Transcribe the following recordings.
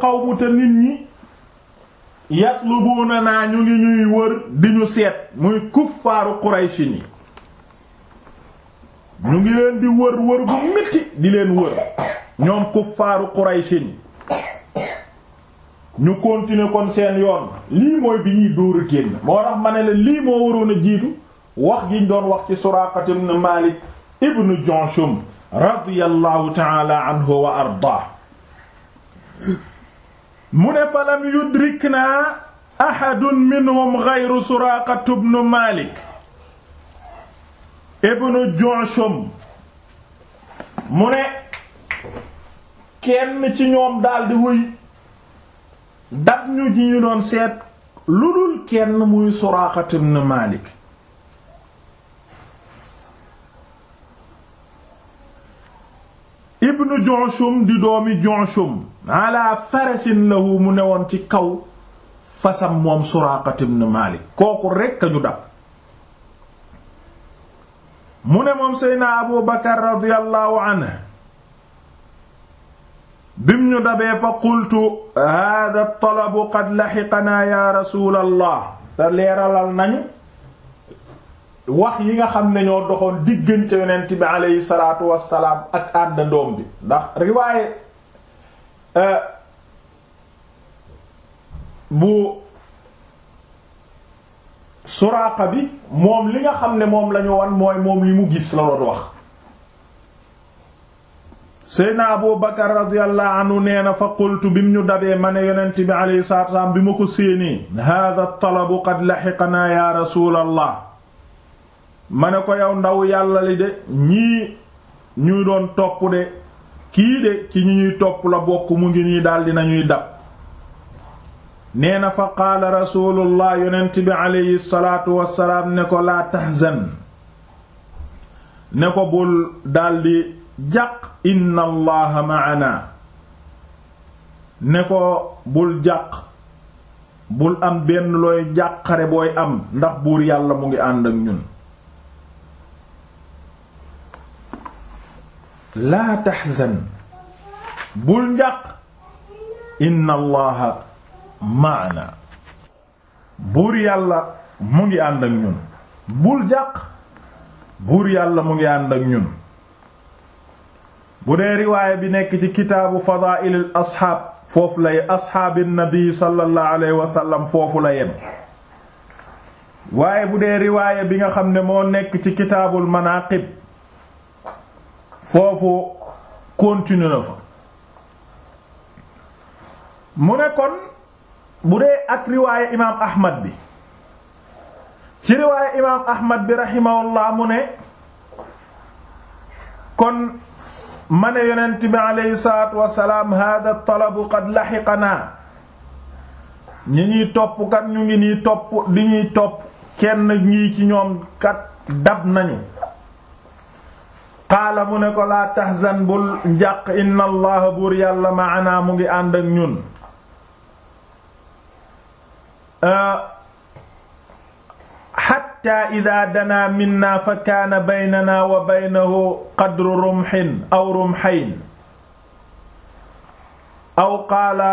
qawmu te nit ñi yatlubuuna naa ñu ngi ñuy wër di ñu seet muy kuffaaru Quraysh ni ñu ngi leen di wër wër bu metti di leen wër ñoom kuffaaru Quraysh ñu continuer kon seen yoon lii mooy bi ñuy dóor a moo tax ma lii moo waroon jiitu wax giñ doon wax ci Suraaqa ibn Maalik ibn Junshum radiyallahu ta'ala anhu wa ardaa mu ne falam yudrik naa ahadun minhum ghayru suraaqatu bnu malik ibnu ju'shum mu ne kenn ci ñoom daldi wuy dab ñu ji ñu doon seet lu dul kenn muy suraaqatu bnu malik ibnu ju'shum di doomi ju'shum ala farasin lahu mu newoon ci kaw fasam moom Suraaqa ibn Maalik kooku rekk ñu dab mu ne moom Seydina Abu Bakar radiyallahu anhu bim ñu dabee fa qultu hada talabu qad laxiqanaa ya rasulallah te leeralal nañu wax yi nga xam ne ñoo doxoon diggante yonent bi aleyhi salaatu wassalaam ak àndandoom bi ndax riwaaye Euh, bu suraaqa bi moom li nga xam ne moom lañu wan mooy moom li mu gis la doon wax seydna abu bakar radiyallahu anhu nee na fa qultu bi mu ñu dabee ma ne yonent bi alayhi salaatu bi ma ko séenee hada talabu qad laxiqanaa ya rasuulallah ma ne ko yow ndaw yàlla li de ñii ñuy doon topp de kii de ci ñu ñuy topp la bokk mu ngi nii daldi nañuy dab nee na fa qaala rasulullah yonent bi aleyhi salaatu wasalaam ne ko laa tahzan ne ko bul daldi jàq inna allaha ma'ana ne ko bul jàq bul am benn looy jàqare booy am ndax buur yàlla mu ngi àndak ak ñun laa taxzan bul njàq inna allaha maana buur yàlla mu ngi ànd ak ñun bul jàq buur yàlla mu ngi ànd ak ñun bu dee riwaaya bi nekk ci kitaabu fadaa'ilil asxaab foofu lay asxaabin nabi sallallahu wa sallam foofu la yem waaye bu dee riwaaya bi nga xam ne moo nekk ci kitaabul manaaqib foofu continuer fa mu ne kon bu dee ak riwaaye imaam ahmad bi ci riwaaye imaam ahmad bi rahimahullah mu ne kon ma ne yonent bi aleyhi salaatu wasalaam hada talabu qad laxiqanaa ñi ñuy topp kat ñu ngi nii topp di ñuy topp kenn ñii ci ñoom kat dab nañu qaala mu ne ko laa tahzan bul njàq inna allaha buur yàlla maanaa mu ngi ànd ak ñun xatta euh, ida danaa minna fa kaana baynana wa baynahu qadru rumxin aw rumxayn aw qaala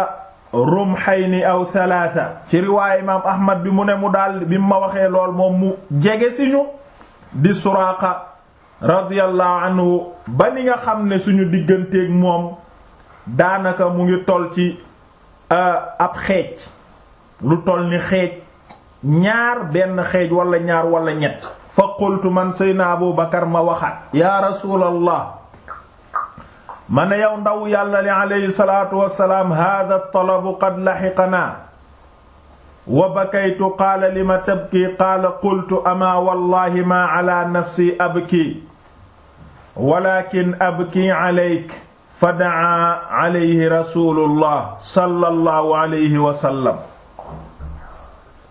rumxayni aw salaasa ci riwaaya imaam ahmad bi mu ne mu daal bi mu ma waxee lool moom mu jege si ñu di suraaqa radiyallahu anhu ba ni nga xam ne suñu digganteeg moom daanaka mu ngi toll ci euh, ab xeej lu toll ni xeej ñaar benn xeej walla ñaar walla ñett fa qultu man sayna Abu Bakar ma waxaat ya rasulallah ma ne yow ndaw yàlla li alayhi salatu wasalaam hada talabu qad laxiqanaa wa bakaytu qaala lima tabki qaala qultu ama wallahi ma ala nafsi abki walakin abki alayk fa da'a alayhi rasulullah sallallahu alayhi wa sallam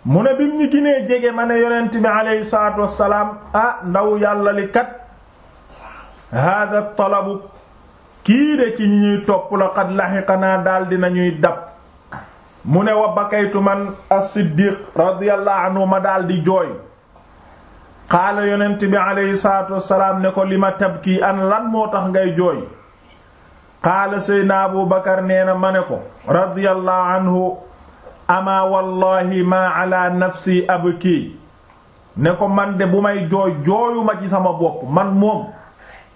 mu ne bi ñu ginee jege ma ne yonent bi ah, ndaw yàlla li kat hada talabu kii de ci ñuy topp la qad laxiqanaa daal dinañuy dab mu ne wa bakaytu man as-siddiq radiyallahu ma daldi jooy xaala yonent bi aleyhi salaatu wassalaam ne ko li ma tabki an lan moo tax ngay jooy xaala seydna abu bakar nee na ma ne ko radiyallahu anhu ama wallahi ma ala nafsi kii ne ko man de bu may jooy jooyuma ci sama bopp man moom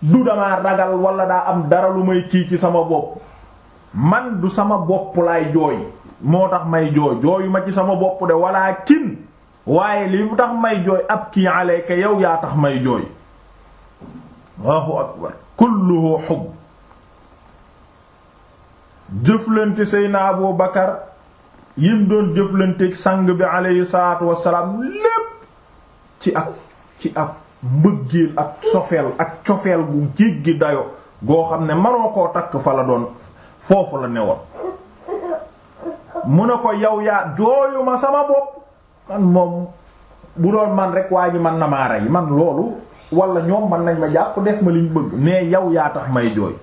du damaa ragal wala daa am dara lu may kii ci sama bopp man du sama bopp laay jooy moo tax may jooy jooyu ma ci sama bopp de wala kin waaye li mu tax may jooy ab kii aleyka yow yaa tax may jooy Allahu akbar kulluhu hubb jëflante Seydina Abu Bakar yim doon jëflanteeg sang bi aleyhi salaatu wassalaam lépp ci ak ci ak mbëggeel ak sofeel ak cofeel gu jéggi dayo goo xam ne manoo koo takk fa la doon foofu la newoon mu ne ko yow yaa jooyu ma sama bopp man moom bu doon man rek waa ji man na maa yi man loolu wala ñoom man nañ ma jàpp def ma liñ bëgg mais yow yaa tax may jooy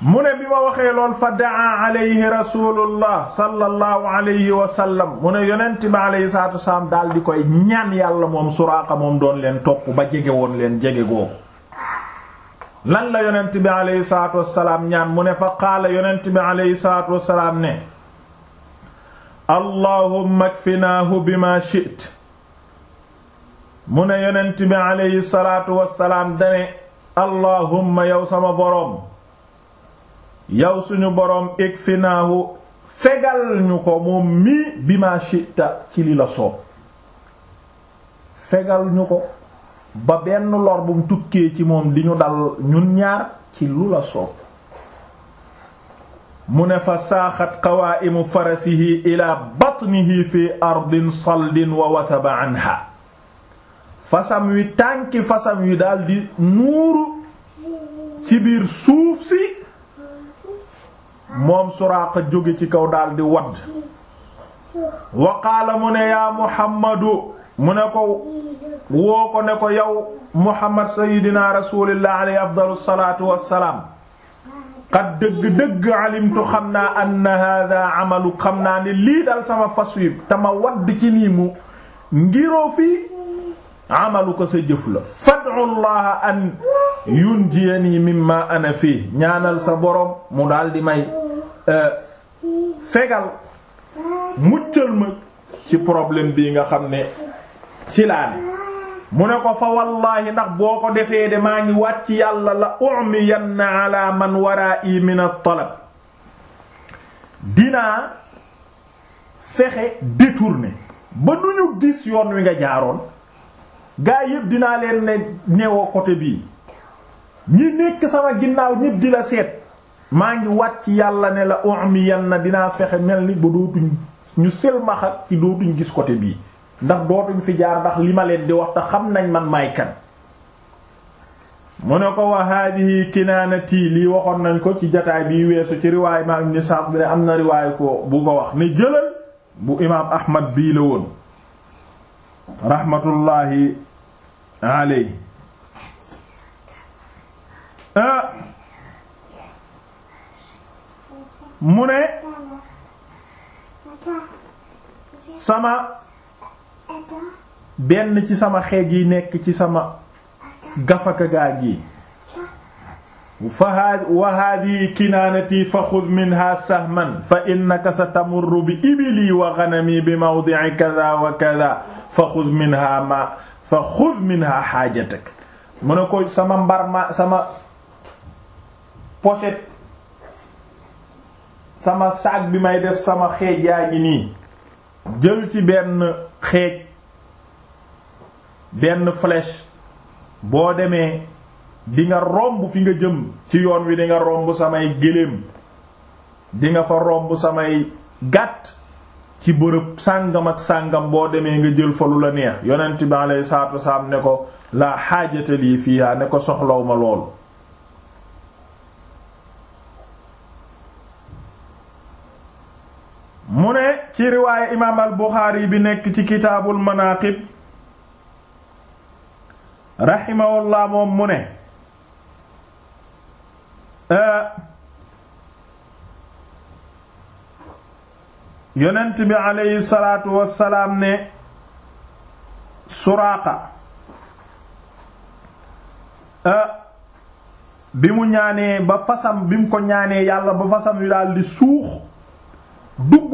mu ne bi ma waxee lool fa daa alayhi rasulullah sallallahu alayhi wa sallam mu ne yonent bi alayhi salaatu wasalaam daal di koy ñaan yàlla moom Suraaqa moom doon leen topp ba jege woon leen jege googu lan la yonent bi alayhi salaatu wasalaam ñaan mu ne fa qaala yonent bi alayhi salaatu wasalaam ne allahumma kfinaahu bima shi'ta mu ne yonent bi aleyhi dane allahumma yow sama boroom yow suñu boroom ikfinaahu fegal ñu ko moom mii bima shi'ta ci li la soob fegal ñu ko ba benn lor tukkee ci moom di ñu dal ñun ñaar ci lu la soob mu ne fa saaxat qawaa'imu farasihi ilaa batnihi fi ardin saldin wa wasaba anha fasam wi tànki fasam wi daldi nuuru ci biir suuf si moom suraaqa jóge ci kaw daldi wadd wa qaala mu ne yaa muhammadu mu ne ko woo ko ne ko yow muhammad sayyidina rasulillah alayhi afdalu salaatu wassalaam xat dëgg-dëgg alimtu xam naa anna hada amalu xam naa ne lii dal sama fas wi te ma wadd ci nii mu ngiroo fii amalu ko sa jëf la fad'u llaha an yunjiyani mimma ana fii ñaanal sa borom mu daal di may euh, fegal muccal ma ci problème bii nga xam ne ci laa ne mu ne ko fa wallaahi ndax boo ko defee de maa ngi wàcc yàlla la umiyanna ala man waraa'i min at-talab dinaa fexe détourner ba du ñu gis yoon wi nga jaaroon gaa yépp dinaa leen ne newoo côté bii ñi nekk sama ginnaaw ñépp di la seet maa ngi wàcc yàlla ne la umiyanna dinaa fexe mel ni ba dootuñ ñu silmaxa ci dootuñ gis côté bii ndax dootuñ fi jaar ndax li ma di wax xam nañ man maay kan mu ne ko wa haadihi kinaanati lii waxoon nañ ko ci jataay bi weesu ci riwaay imaam ibn bi ne am na riwaay ko bu ko wax ne jëlal bu imaam Ahmad bii la woon rahmatullahi alayhi ah. mu ne sama benn ci sama xeej yi nekk ci sama gafaka gaa gi fa wa haadihi kinaanati fa xud minha sahman fa innaka satamurru bi ibili wa ganami bi mawdi'i kada wa kada fa xud minha ma fa xud minha xaajatak mu ne ko sama mbar ma sama pochette sama saag bi may def sama xeej yaa gi nii jël ci benn xeej benn flèche boo demee di romb fi nga jëm ci yoon wi di nga romb samay géléem di nga fa romb samay gàtt ci bërëb sàngam ak sàngam boo demee nga jël fa lu la neex yonent bi alayhi salaatu wasalaam ne ko laa xaajata lii fiiha ne ko soxlaw ma loolu mu ne ci riwaaye imaam al buxaari bi nekk ci kitaabul manaaqib raximahullah moom mu ne yonent bi aleyhi salaatu wassalaam ne suraaqa bi mu ñaanee ba fasam bi mu ko ñaanee yàlla ba fasam yu daal di suux dugg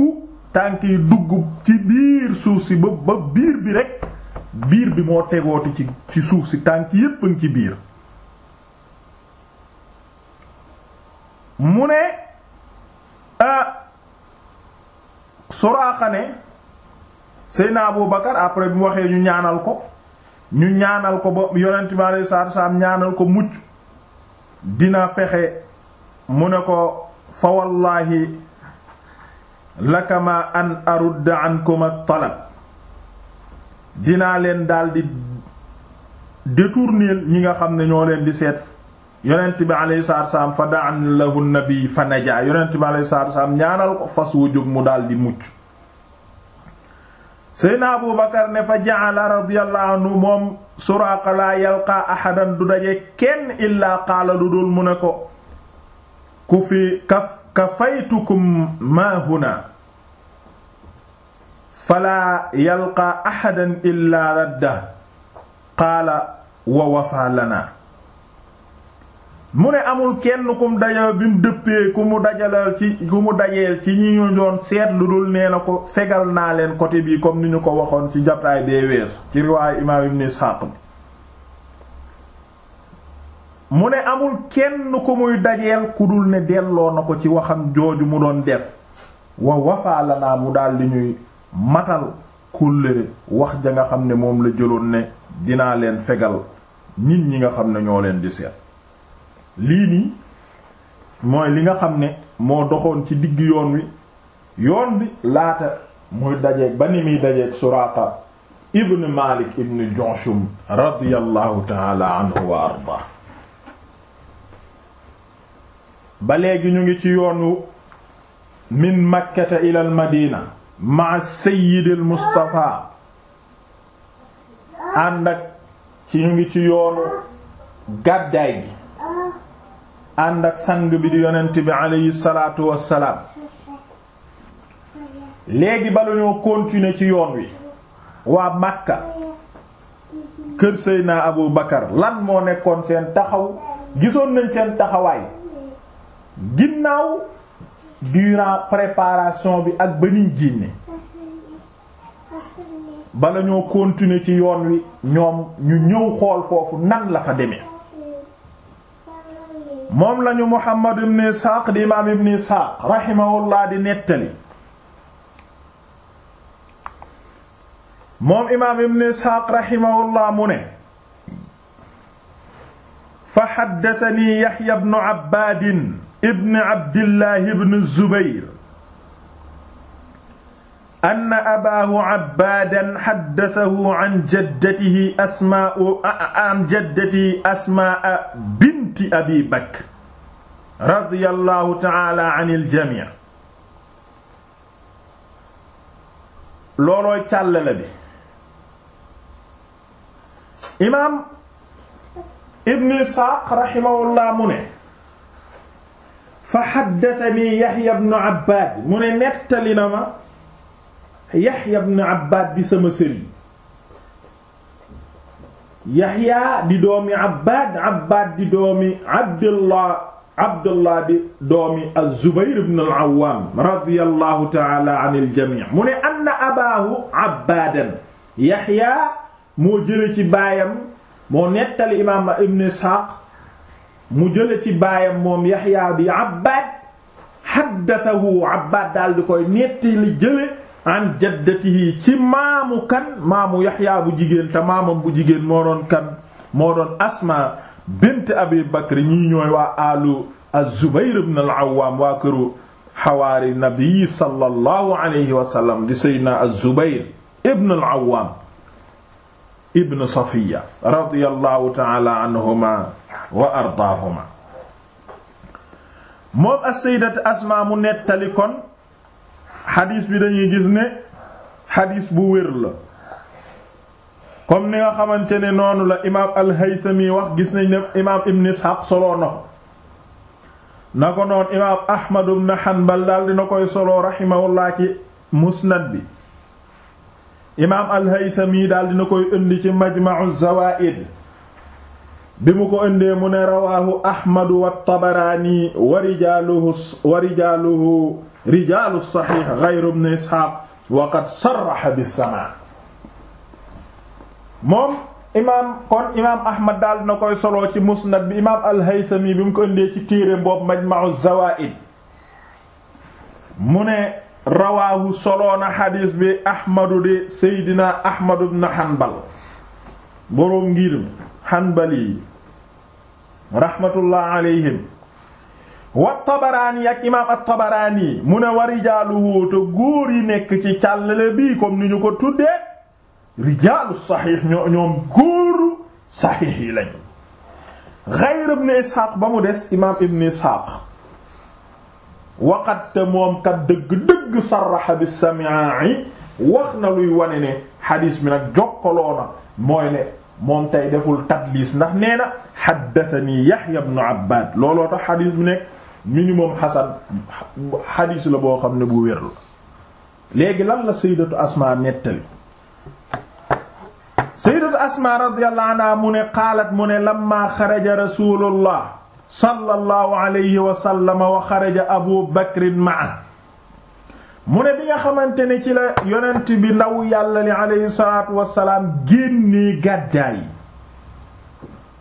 tànk dugg ci biir suuf si ba biir bi rekk biir bi moo tegooti ci ci suuf si tànk yépp a ci biir mu ne Suraaqa ne naa Abu Bakar après bu waxee ñu ñaanal ko ñu ñaanal ko ba yonent bi alayhi salaatu salaam ñaanal ko mucc dina fexe mu ne ko fa wallaahi lakama an arudda ankum at-talab dinaa leen daldi détourner ñi nga xam ne ñoo leen di seet yonent bi alayhi salaatu wassalaam fa da'an lahu nabi fa najaa yonent bi alayhi salaatu wassalaam ñaanal ko fas wu jóg mu daldi mucc seyna abu bakar ne fa ja'ala radiyallahu moom suraaqa yalqaa ahadan du daje kenn illaa qaala dul mu ne ko ku fi kaf kafaytukum ma huna fala yalqa ahadan illa radda qaala wa wafa mu ne amul kenn kum dajal bi mu dëppee ku mu dajalal ci ku mu dajeel ci ñi ñu doon seet lu dul nee na ko fegal naa leen côté bii comme ni ñu ko waxoon ci jataay bee weesu ci riwaayu imaam ibn Isxaaq bi mu ne amul kenn ku muy dajeel ku dul ne delloo na ko ci waxam jooju mu doon def wa wafaa la naa mu daal di ñuy matal kóllëre wax ja nga xam ne moom la jëloon ne dinaa leen fegal nit ñi nga xam ne ñoo leen di seet lii nii mooy li nga xam ne moo doxoon ci digg yoon wi yoon bi laata muy dajeeg ba ni muy dajeeg Suraqa ibn Malik ibn Junshum radiyallahu ta'ala anhu wa arda ba léegi ñu ngi ci yoonu min makkata ila al madina ma sayyidil mustafa ànd ak ci ñu ngi ci yoonu gàddaay gi ànd ak sang bi di yonent bi aleyhi salaatu wassalaam léegi ba la ñoo ci yoon wi waa Makka kër sëy Seydina Abu Bakar lan moo nekkoon seen taxaw gisoon nañ seen taxawaay ginnaaw durant préparation bi ak ba niñ génne bala ñoo continuer ci yoon wi ñoom ñu ñëw xool foofu nan la fa demee moom lañu Muhammad ibn Isxaaq di imaam ibn Isxaaq rahimahullah di nettali moom imaam ibn Isxaaq rahimahullah mu ne fa xaddatani Yaxya ibn Abbaadin ibn abdillah ibn zubair ann abaahu abbaadan xaddasahu an jaddatihi asmaa an jaddatihi asmaa binti abi bakr radiyallahu taala an iljami loolooy càllale bi imaam ibn isxaaq raximahullah mu ne fa xaddatani yaxya bnu abbaad mu ne nettali na ma yaxya bnu abbaad di sama sëriñ yaxya di doomi abbaad abbaad di doomi abdullah abdullah di doomi azubair bnu alawaam radiyallahu taala an aljami mu ne anna abaahu abbaadan yaxya moo jële ci baayam moo nettali imaam ibnu isxaaq mu jële ci baayam moom yaxya bi abbaad xaddasahu abbaad daal di koy netti li jële an jaddatihi ci maamu kan maamu yaxya bu jigéen te bu jigéen moo doon kan moo doon asma bint abi bakr ñii ñooy waa alu az-zubayr ibn al-awwam waa këru xawaari nabi sallallahu alayhi wa di sayyidina az-zubayr ibn al-awwam ibn Safiya radiyallahu ta'ala wa ardaahuma moom as-sayyidat mu nettali kon xadiis bi dañuy gis ne xadiis bu wér la comme ni nga xamante ne noonu la imaam al wax gis nañ imaam ibn Ishaq soloo na na ko noon imaam Ahmad ibn Hanbal daal dina koy soloo rahimahullah ci musnad bi imaam al-Haythami daal dina koy indi ci Majma'u Zawaa'id bi mu ko indee mu ne rawaahu Ahmadu wa Tabaraani wa rijaalu saxiix ghayru ibn Isxaaq wa qad sarraha bis-samaa' moom imaam kon imaam Ahmad daal koy solo ci musnad bi imaam al-Haythami bi mu ko indee ci téere boobu Majma'u Zawaa'id mu rawaahu soloona xadiis bi ahmadu di seydina ahmadu bnu hanbal boroom ngir mi hanbali raxmatullah alayhim wa tabaraani ak imaam at tabaraani mu ne wa rijaaluhu te góor yi nekk ci càllale bii comme ni ñu ko tuddee rijaalu saxiix ñoom góoru saxiix yi lañu xayr ibn isxaaq ba mu des imaam ibn isxaaq waqat te moom kat dëgg-dëgg sarraxa bi sami'i wax na luy wane ne xadis bi nag jokkaloo mooy ne moom tey deful tadlis ndax nee na xaddatani yaxya ibnu abbad looloo tax xadis bi nekk minimum xasan xadis la boo xam ne bu wér la léegi lan la sayyidatu asma nettali sayyidatu asma radiyallahu anha mu ne qaalat mu ne lamma xaraja rasulullah sallallahu alayhi wa xaraja abu bakrin maa mu ne bi nga xamante ne ci la yonent bi naw yàlla li alayhi salaatu wasalaam génnee gàddaay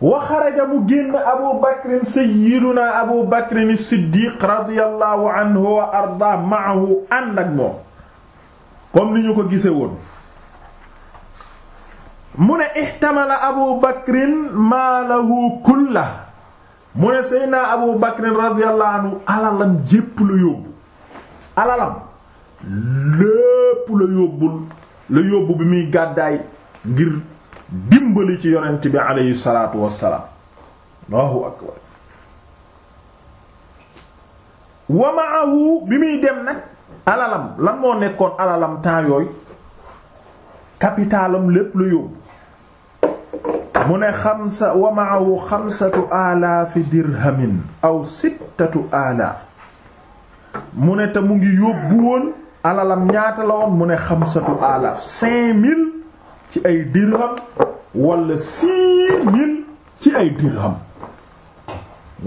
wa xaraja mu génn abu bakrin sayyiduna abu bakrin siddiq radiyallahu anhu wa arda maahu ànd ak moom comme ni ñu ko gise woon mu ne ixtamala abu bakrin maalahu kulla mu ne Seydina Abu Bakr radiyallahu anhu alalam jépp la yóbbu alalam lépp la yóbbul la yóbbu bi muy gàddaay ngir dimbali ci yonent bi aleyhi salaatu wassalaam Allahu akbar wa ma'ahu bi muy dem nag alalam lan moo nekkoon alalam temps yooyu lépp la yóbbu mu ne xamsa wa maahu xamsatu alaafi dirhamin aw sittatu alaaf mu ne te mu ngi yóbbu woon alalam ñaata la woon mu ne xamsatu alaaf cinq mille ci ay dirham wala six mille ci ay dirham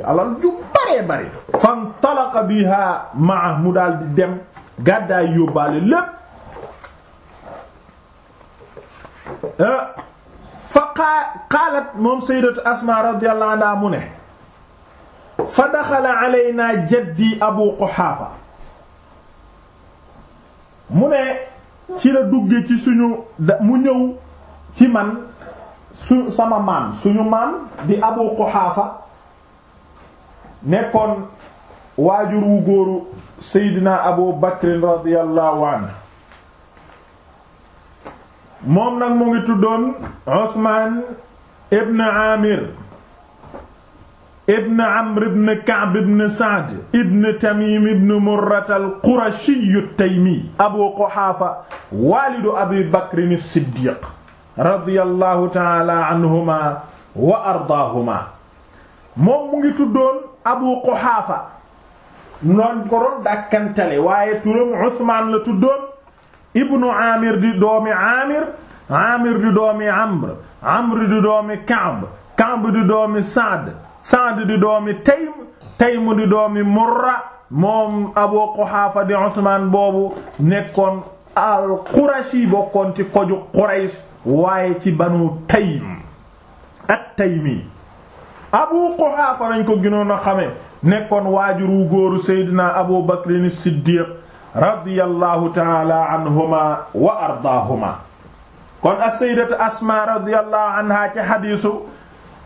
alal ju baree bare fantalaqa biha maa mu daal di dem gàddaay yóbbaale lépp eh? fa qaalat moom sayyidatu asma radiyallahu anha mu ne fa daxala alaynaa jaddi abu quxaafa mu ne ci la dugge ci suñu mu ñëw ci man su sama maam suñu maam di abu quxaafa nekkoon waajur wu góoru seydina abu bakrin radiyallahu anhu moom nag mu ngi tuddoon Usmaan ibn Aamir ibn Amr ibn Ka'b ibn Sa'd ibn Tamim ibn Murrat al-Qurashi at-Taymi Abu Quhaafa waalidu Abi Bakr as-Siddiq radiyallahu ta'ala anhuma wa ardaahuma moom mu ngi tuddoon Abu Quhaafa noon ko doon dàkkantale waaye turam Usmaan la tuddoon ibnu amir di doomi amir amir di doomi amr amr di doomi saad saad di doomi taym taym di doomi murra moom abu quhaafa di usman boobu nekkoon al qurashi bokkoon ci koju quraysh waaye ci banu taym at taymi abu quhaafa lañ ko gënoon a nekkoon waajur góoru seydina abu bakrin siddiq radiyallahu taala anhuma wa ardaahuma kon as-sayyidatu asma radiyallahu anha ci xadiisu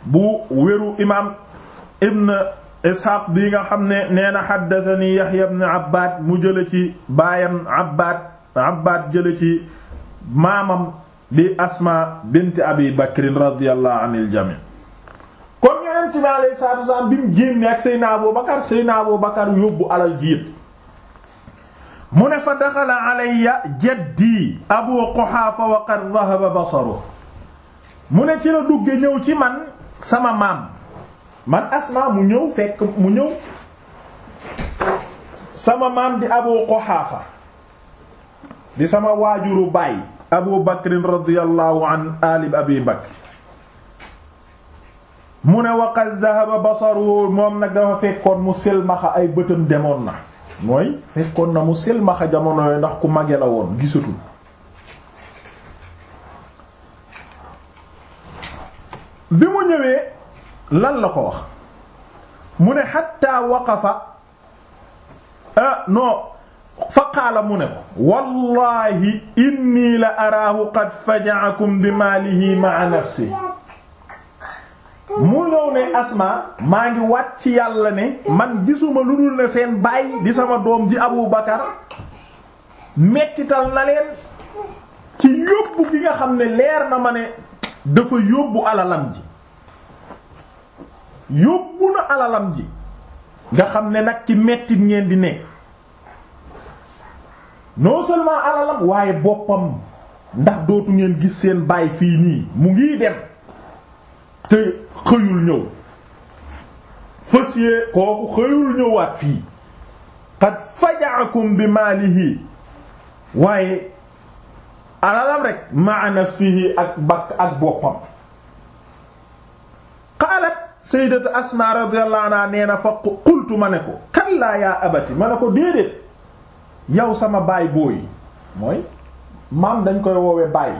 bu wéru imaam ibn isxaaq bi nga xam ne nee na ibn abbaad mu jële ci baayam abbaad abbaad ci maamam di asma bint abi bakrin radiyallahu anil jami kon yonent bi alayhi salaatu salaam bi mu génne ak Seydina Abu Bakar Seydina Abu Bakar yóbbu alal jiit mu ne fa daxala alayya jaddi abu quxaafa wa qad dhahaba basaru mu ne ci la dugge ñëw ci man sama maam man asmaa mu ñëw fekk mu ñëw sama maam di abu quxaafa di sama waajuru baay abu bakrin radiyallahu an abi bakr mu ne wa qad dhahaba basaru moom nag dafa fekkoon mu silmaxa ay bëtam demoon na mooy fekkoon na mu silmaxa jamono yooyu ndax ku mage la woon gisatul bi mu ñëwee lan la ko wax mu ne xatta waqafa ah, non fa qaala mu ne ko wallahi inni la araahu qad faja'akum bi maalihi ma'a nafsihi mu ñëw ne asma maa ngi wàcc ci yàlla ne man gisuma lu dul ne seen baay di sama doom ji abu bakar mettital na leen ci yóbbu gi nga xam ne leer na ma ne dafa yóbbu alalam ji yóbbu na alalam ji nga xam ne nag ci mettit ngeen di nekk non seulement alalam waaye boppam ndax dootu ngeen gis seen baay fii nii mu ngi dem te xëyul ñëw fësiyee kooku xëyul ñëwaat fii qad faja'akum bi maalihi waaye alalam rek ma'a nafsihi ak bakk ak boppam qaalat sayyidatu asma radiyallahu anha nee na fa qultu ma ne ko kallaa yaa abati ma ne ko déedéet yow sama baay booy mooy maam dañ koy woowe baay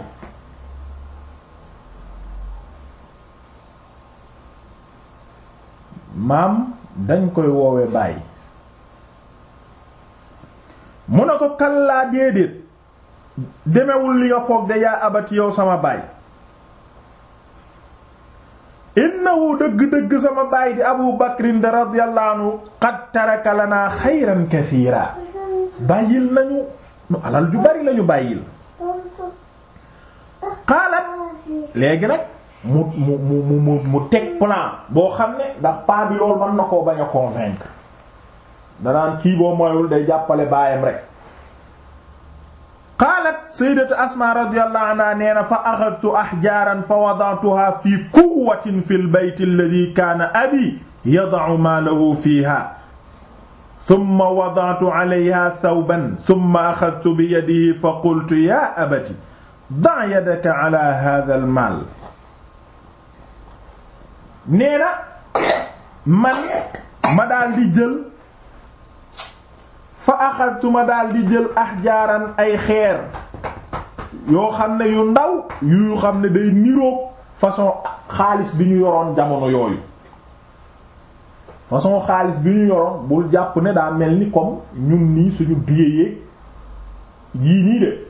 maam dañ koy woowe baay mu ne ko kallaa déedéet demewul li nga de yaa abati yow sama baay innahu dëgg-dëgg sama baay di abu bakrin de radiyallahu anhu qad taraka lana bàyyil nañu nu alal ju bari lañu bàyyil xaalat léegi nag mu mu mu mu mu teg plan boo xam ne ndax paa bi loolu mën na koo bañ a convaincre danaan kii boo moyul day jàppale baayam rek qaalat sayyidatu asma radiyallahu anha nee na fa axadtu ahjaaran fa wada'tuha fi quwwatin fi al-bayt alladhi kaana abi yada'u maalahu fiiha thumma wada'tu 'alayha thawban thumma axadtu biyadihi fa qultu ya abati da' yadaka 'ala hadha al-maal nee na man ma daal di jël fa axadtu ma daal di jël ahjaaran ay xeer yoo xam ne yu ndaw yu xam ne day niroog façon xaalis bi ñu yoroon jamono yooyu façon xaalis bi ñu yoroon bul jàpp ne daa mel ni comme ñun nii suñu biyee yii nii de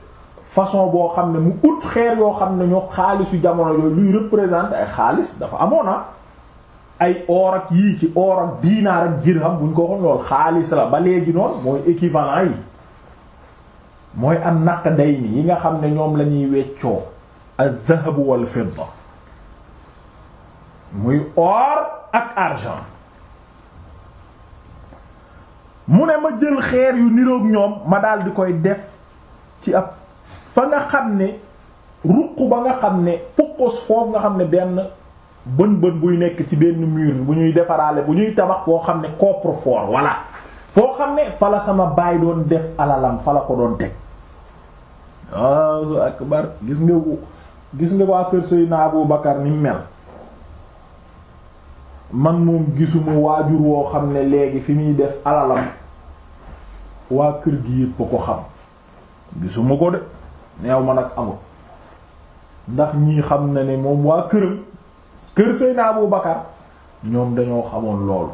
façon boo xam ne mu ut xeer yoo xam ne ñoo xaalisu jamono yooyu luy représenter ay xaalis dafa amoon na ah. ay or ak yii ci or ak diinaar ak bu buñ ko waxoon lool xaalis la ba léegi noonu mooy équivalent yi mooy am naq day ni yi nga xam ne ñoom lañuy ñuy weccoo az-zahabu wal fidda muy or ak argent mu ne ma jël xeer yu niroog ñoom ma dal di koy def ci ab fa nga xam ne ruq ba nga xam ne puqus foofu nga xam ne benn bën bën buy nekk ci benn mur bu ñuy defaraale bu ñuy tabax foo xam ne coffre-fort voilà foo xam ne fala sama baay doon def alalam fala ko doon teg waaw akbar gis nga gis nga waa kër Seydina bu Bakar ni mel man moom gisuma waajur woo xam ne léegi fi muy def alalam waa kër gi yëpp a ko xam gisuma ko de neew ma nag amul ndax ñii xam na ne moom waa këram kër Seydina Abu Bakar ñoom dañoo xamoon loolu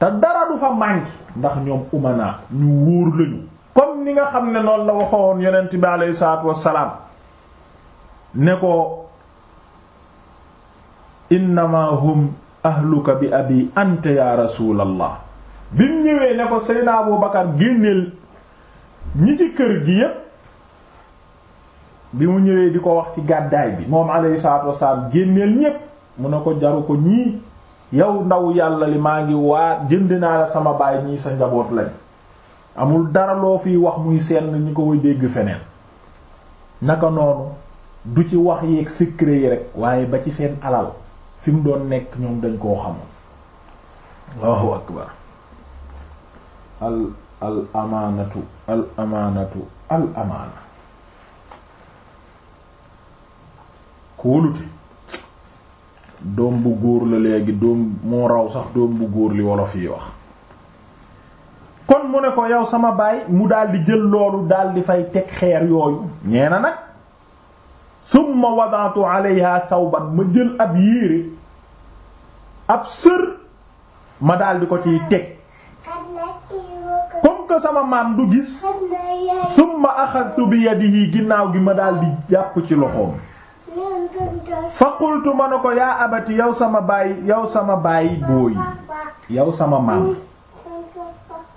te dara du fa manqué ndax ñoom umana ñu wóor lañu comme ni nga xam ne noonu la waxoon yonent bi aleyhi salaatu wassalaam ne ko innama hum ahluka bi abi anta ya rasulallah bi mu ñëwee ne ko Seydina Abu Bakar génneel ñi ci kër gi yépp bi mu ñëwee di ko wax ci gàddaay bi moom alayhi salaatu wasalaam génneel ñépp mu ne ko jaru ko ñii yow ndaw yàlla li maa ngi waa jënd naa la sama baay ñii sa njaboot lañ amul dara loo fiy wax muy seen ñi ko koy dégg feneen naka noonu du ci wax yeeg secret yi rek waaye ba ci seen alal fi mu doon nekk ñoom dañ koo xamul allahu akbar al al amaanatu al amaanatu al amaana ku doom bu góor la léegi doom moo raw sax doom bu góor li wolof yi wax kon mu ne ko yow sama baay mu daldi jël loolu daldi fay teg xeer yooyu ñee na nag summa wadaatu alayha sawban ma jël ab yéere ab sër ma daldi ko ciy teg comme que sama maam du gis summa axadtu bi yadihi ginnaaw gi ma daldi di jàpp ci loxoom fa qultu ma ko yaa abati yow sama baay yow sama baay booy yow sama maam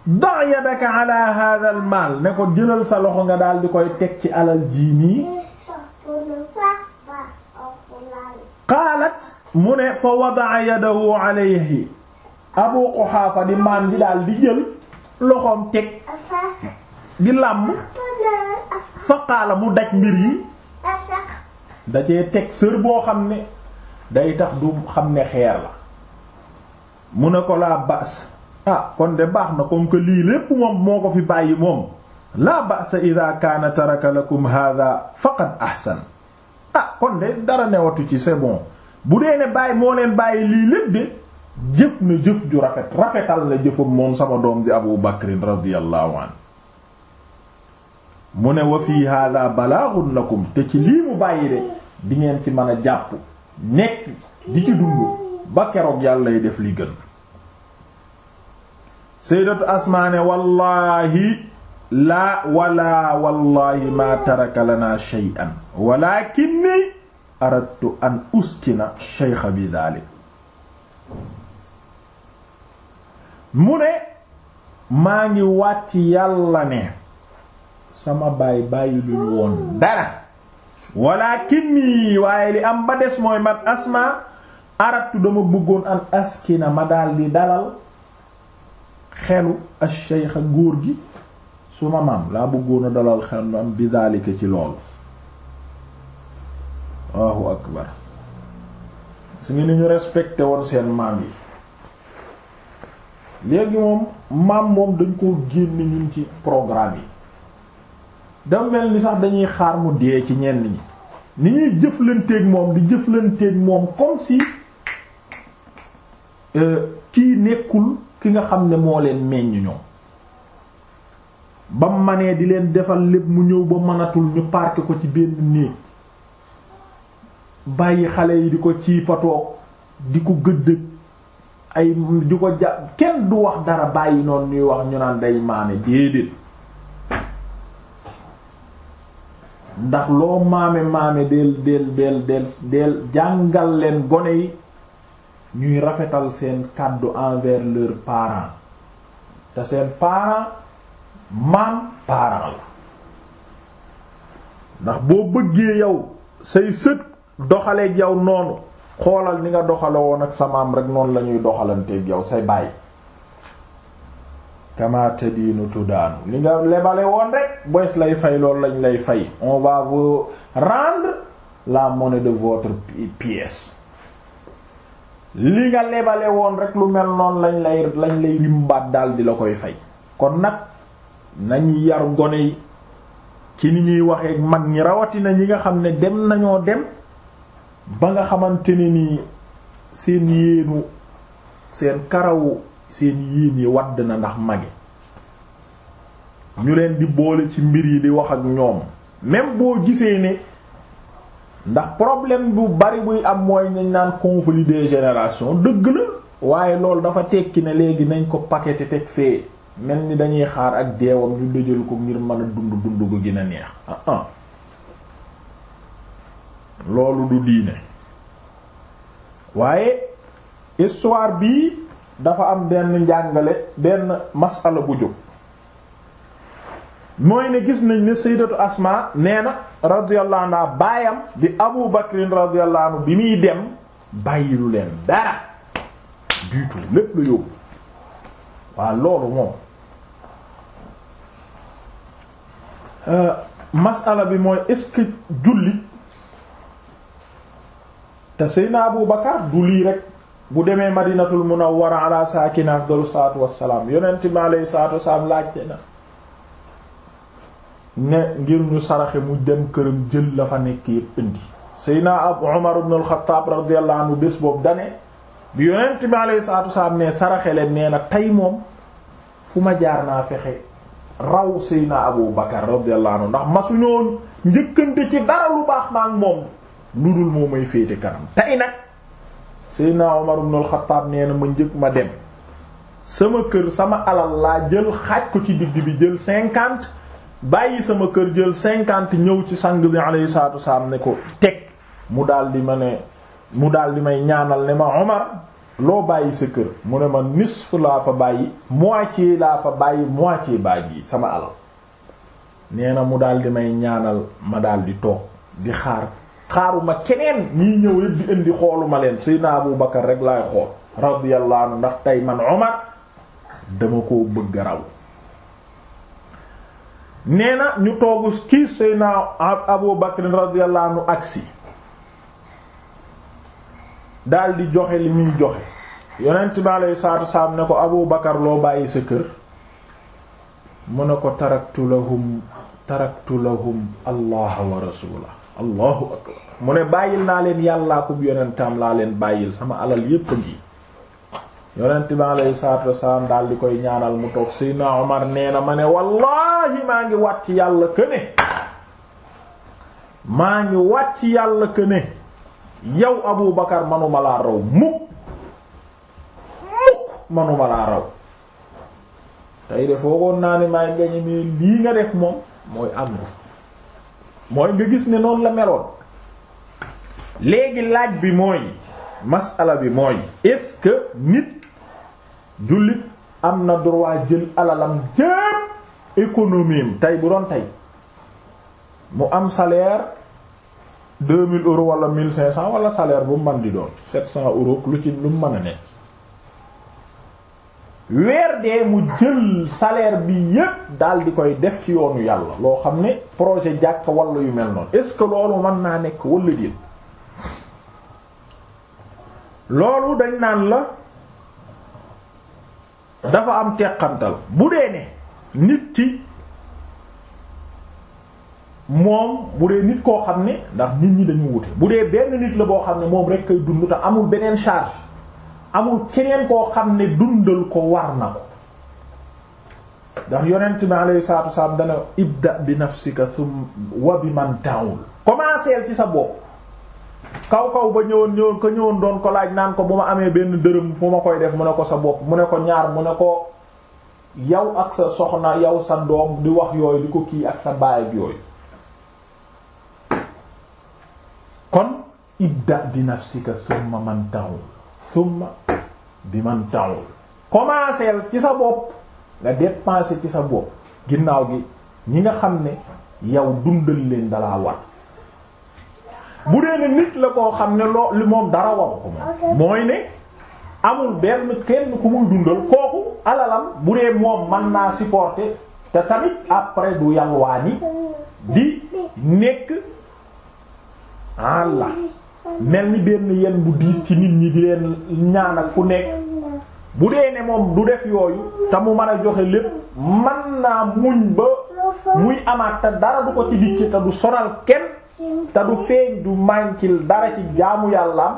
da yadaka ala hadha al ne ko jëlal sa loxo nga daal di koy teg ci alal jii nii qaalat mu ne fa wadaa yadahu alayhi abu quhaafa di maan di daal jël loxoom teg di làmb fa qaala mu daj mbir yi da cee teg sër boo xam ne day tax du xam ne xeer la mu ne ko laa baas a ah kon de baax na comme que lii lépp moom moo ko fi bàyyi moom laa baasa ida kaana taraka lakum hada faqad ahsan ah kon de dara newatu ci c'est bu dee ne bàyyi moo leen bàyyi lii lépp de jëf na jëf ju rafet rafetal la jëfam moom sama doom di abu bakrin radiallahu an mu ne wa fii hada balaagun lakum te ci lii mu bàyyi de di ngeen ci mën jàpp nekk di ci dund ba keroog yàlla def li gën sayyidatu Asmaa ne wallaahi laa wala wallaahi maa taraka lana shay'an walaakinni aradtu an uskina shaykha bi daalik mu ne maa ngi wàcc yàlla ne sama baay bàyyi lu woon dara walakinni waaye li am ba des mooy man asma aratu dama bëggoon an askina ma daal di dalal xelu ash-shaykh góor gi su ma maam laa bëggoon a dalal xel ma am bi ci loolu Allahu akbar su ngi ni ñu respecté woon seen maam yi léegi moom maam moom dañ koo génne ñun ci programme yi dafa mel ni sax dañuy xaar mu dee ci ñenn ñi ni ñuy jëflanteeg moom di jëflanteeg moom comme si euh, kii nekkul ki nga xam ne moo leen meññ ñoom ba manee di leen defal lépp mu ñëw ba mënatul ñu parqué ko ci benn néeg bàyyi xale yi di ko ciipatoog di ko gëddëg ay di ko ja kenn du wax dara bàyyi noonu ñuy wax ñu naan day maame déedéet ndax loo maame maame del del del del del jàngal leen gone yi ñuy rafetal seen kàddu envers leurs parents te seen parent maam parent la ndax boo bëggee yow say sët doxalee yow noonu xoolal ni nga doxale woon ak sa maam rek noonu la ñuy doxalanteeg yow say baay kama tadinu tudaanu li nga lebale woon rek boys lay fay loolu lañ lay fay on va vous rendre la monnaie de votre pièce li nga lebale woon rek lu mel noonu lañ lay lañ lay rimbaat daal di la koy fay kon nag nañu yar gone yi ci ni ñuy waxee mag ñi rawatina ñi nga xam ne dem nañoo dem ba nga xamante ne nii seen yéenu seen karawu seen yiin yi wadd na ndax mage ñu leen di boole ci mbir yi di wax ak ñoom même boo gisee ne ndax problème bu bari buy am mooy nañ naan conflit des générations dëgg la waaye loolu dafa tekki na léegi nañ ko paqueté teg fee mel ni dañuy xaar ak deewam ñu dëjal ko ngir mën a dund dund gu gën neex ah ah loolu du diine waaye histoire bi dafa am benn njàngale benn masala bu jóg mooy ne gis nañ ni sayyidatu asma nee na radiyallahu anha baayam di abu bakrin radiyallahu bi muy dem bàyyilu leen dara du tout lépp la yóbbu waaw loolu moom euh, masala bi mooy est-ce julli te seyna abu bakar du lii rek bu demee madinatul munawwara ala saakina afdalu salaatu wassalaam yonent bi alayhi salaatu wassalaam laajte na ne ngir ñu saraxe mu dem këram jël la fa nekk yépp indi Seydina ab Umar ibn al-Khattab radiyallahu bés boobu dane bi yonent bi alayhi salaatu wassalaam ne saraxe leen nee na tey moom fu ma jaar naa fexe raw Seydina Abu Bakar radiyallahu anhu ndax masuñoon njëkkante ci dara lu baax ma ak moom lu dul moo may féete kanam tey nag Seydina Omar ibn al nee na ma njëkk ma dem sama kër sama alal laa jël xaaj ko ci digg bi jël cinquante bàyyi sama kër jël cinquante ñëw ci sang bi alayhi salaatu wasalaam ne ko teg mu daal di ma ne mu daal di may ñaanal ne ma Omar loo bàyyi sa kër mu ne ma nisf laa fa bàyyi moitié laa fa bàyyi moitié bàyyi sama alal nee na mu daal di may ñaanal ma daal di toog di xaar xaaruma keneen ñii ñëw yëpp di indi xooluma leen Seydina Abu Bakar rek laay xool radiyallahu ndax tey man Omar dama koo bëgg raw nee na ñu toogu kii Seydina Abu Bakar radiyallahu agsi daal di joxe li muy joxe yonent bi alayhi salaatu wasalaam ne ko Abu Bakar loo bàyyi sa kër mu ne ko taraktu lahum taraktu lahum Allah wa rasulahu allahu akbar mu ne bàyyil naa leen yàllaa ko yonentam laa leen bàyyil sama alal yépp a ngi yonent bi alayhi salaatu wasalaam daal di koy ñaanal mu toog Seydina Omar nee na ma ne wallaahi maa ngi ci yàlla këne maa ngi wat ci yàlla këne yow Abu Bakar manuma laa raw mukk mukk manuma laa raw tey de foogoon naa ne maay gañe lii nga def moom mooy am na mooy nga gis ne noonu la meloon léegi laaj bi mooy masala bi mooy est-ce que nit jullit am na droit jël alalam jépp économie tey bu doon tey mu am salaire deux mille euros wala mille cinq cents wala salaire bu man di doon sept cents euros lu ci lu mu mën ne weer de mu jël salaire bi yépp daal di koy def ci yoonu yàlla loo xam ne projet jàkk walla yu mel noonu est-ce que loolu mën naa nekk walla loolu dañ naan la dafa am teqantal bu dee ne nit ki moom bu dee nit koo xam ne ndax nit ñi dañu wute bu dee benn nit la boo xam ne moom rekk kay dund te amul beneen charge amul keneen koo xam ne dundal ko war na ko ndax yonent bi alayhi salaatu wasalaam dana ibda bi nafsika thumma wa bi man ta'ul commencer ci sa bopp kaw kaw ba ñëwoon ñëwoon ko ñëwoon doon ko laaj naan ko bu ma amee benn dërëm fu ma koy def mu ne ko sa bopp mu ne ko ñaar mu ne ko yow ak sa soxna yow sa doom di wax yooyu di ko kii ak sa baay ak yooyu kon ibda bi nafsika thumma man ta'ul summa bi man ta'ul commencer ci sa bopp nga dépenser ci sa bopp ginnaaw gi ñi nga xam ne yow dundal leen dalaa war bu dee ne nit la koo xam ne loo li moom dara waru ko moom mooy ne amul benn kenn ku muy dundal kooku alalam bu dee moom mën naa supporter te tamit après du yalwaani di nekk àlla mel ni benn yen bu diis ci nit ñi di leen ñaanal fu nekk bu dee ne moom du def yooyu te mu mën a joxe lépp man naa muñ ba muy amaat te dara du ko ci dikki te du sonal kenn te du feeñ du mànkil dara ci jaamu yàllaam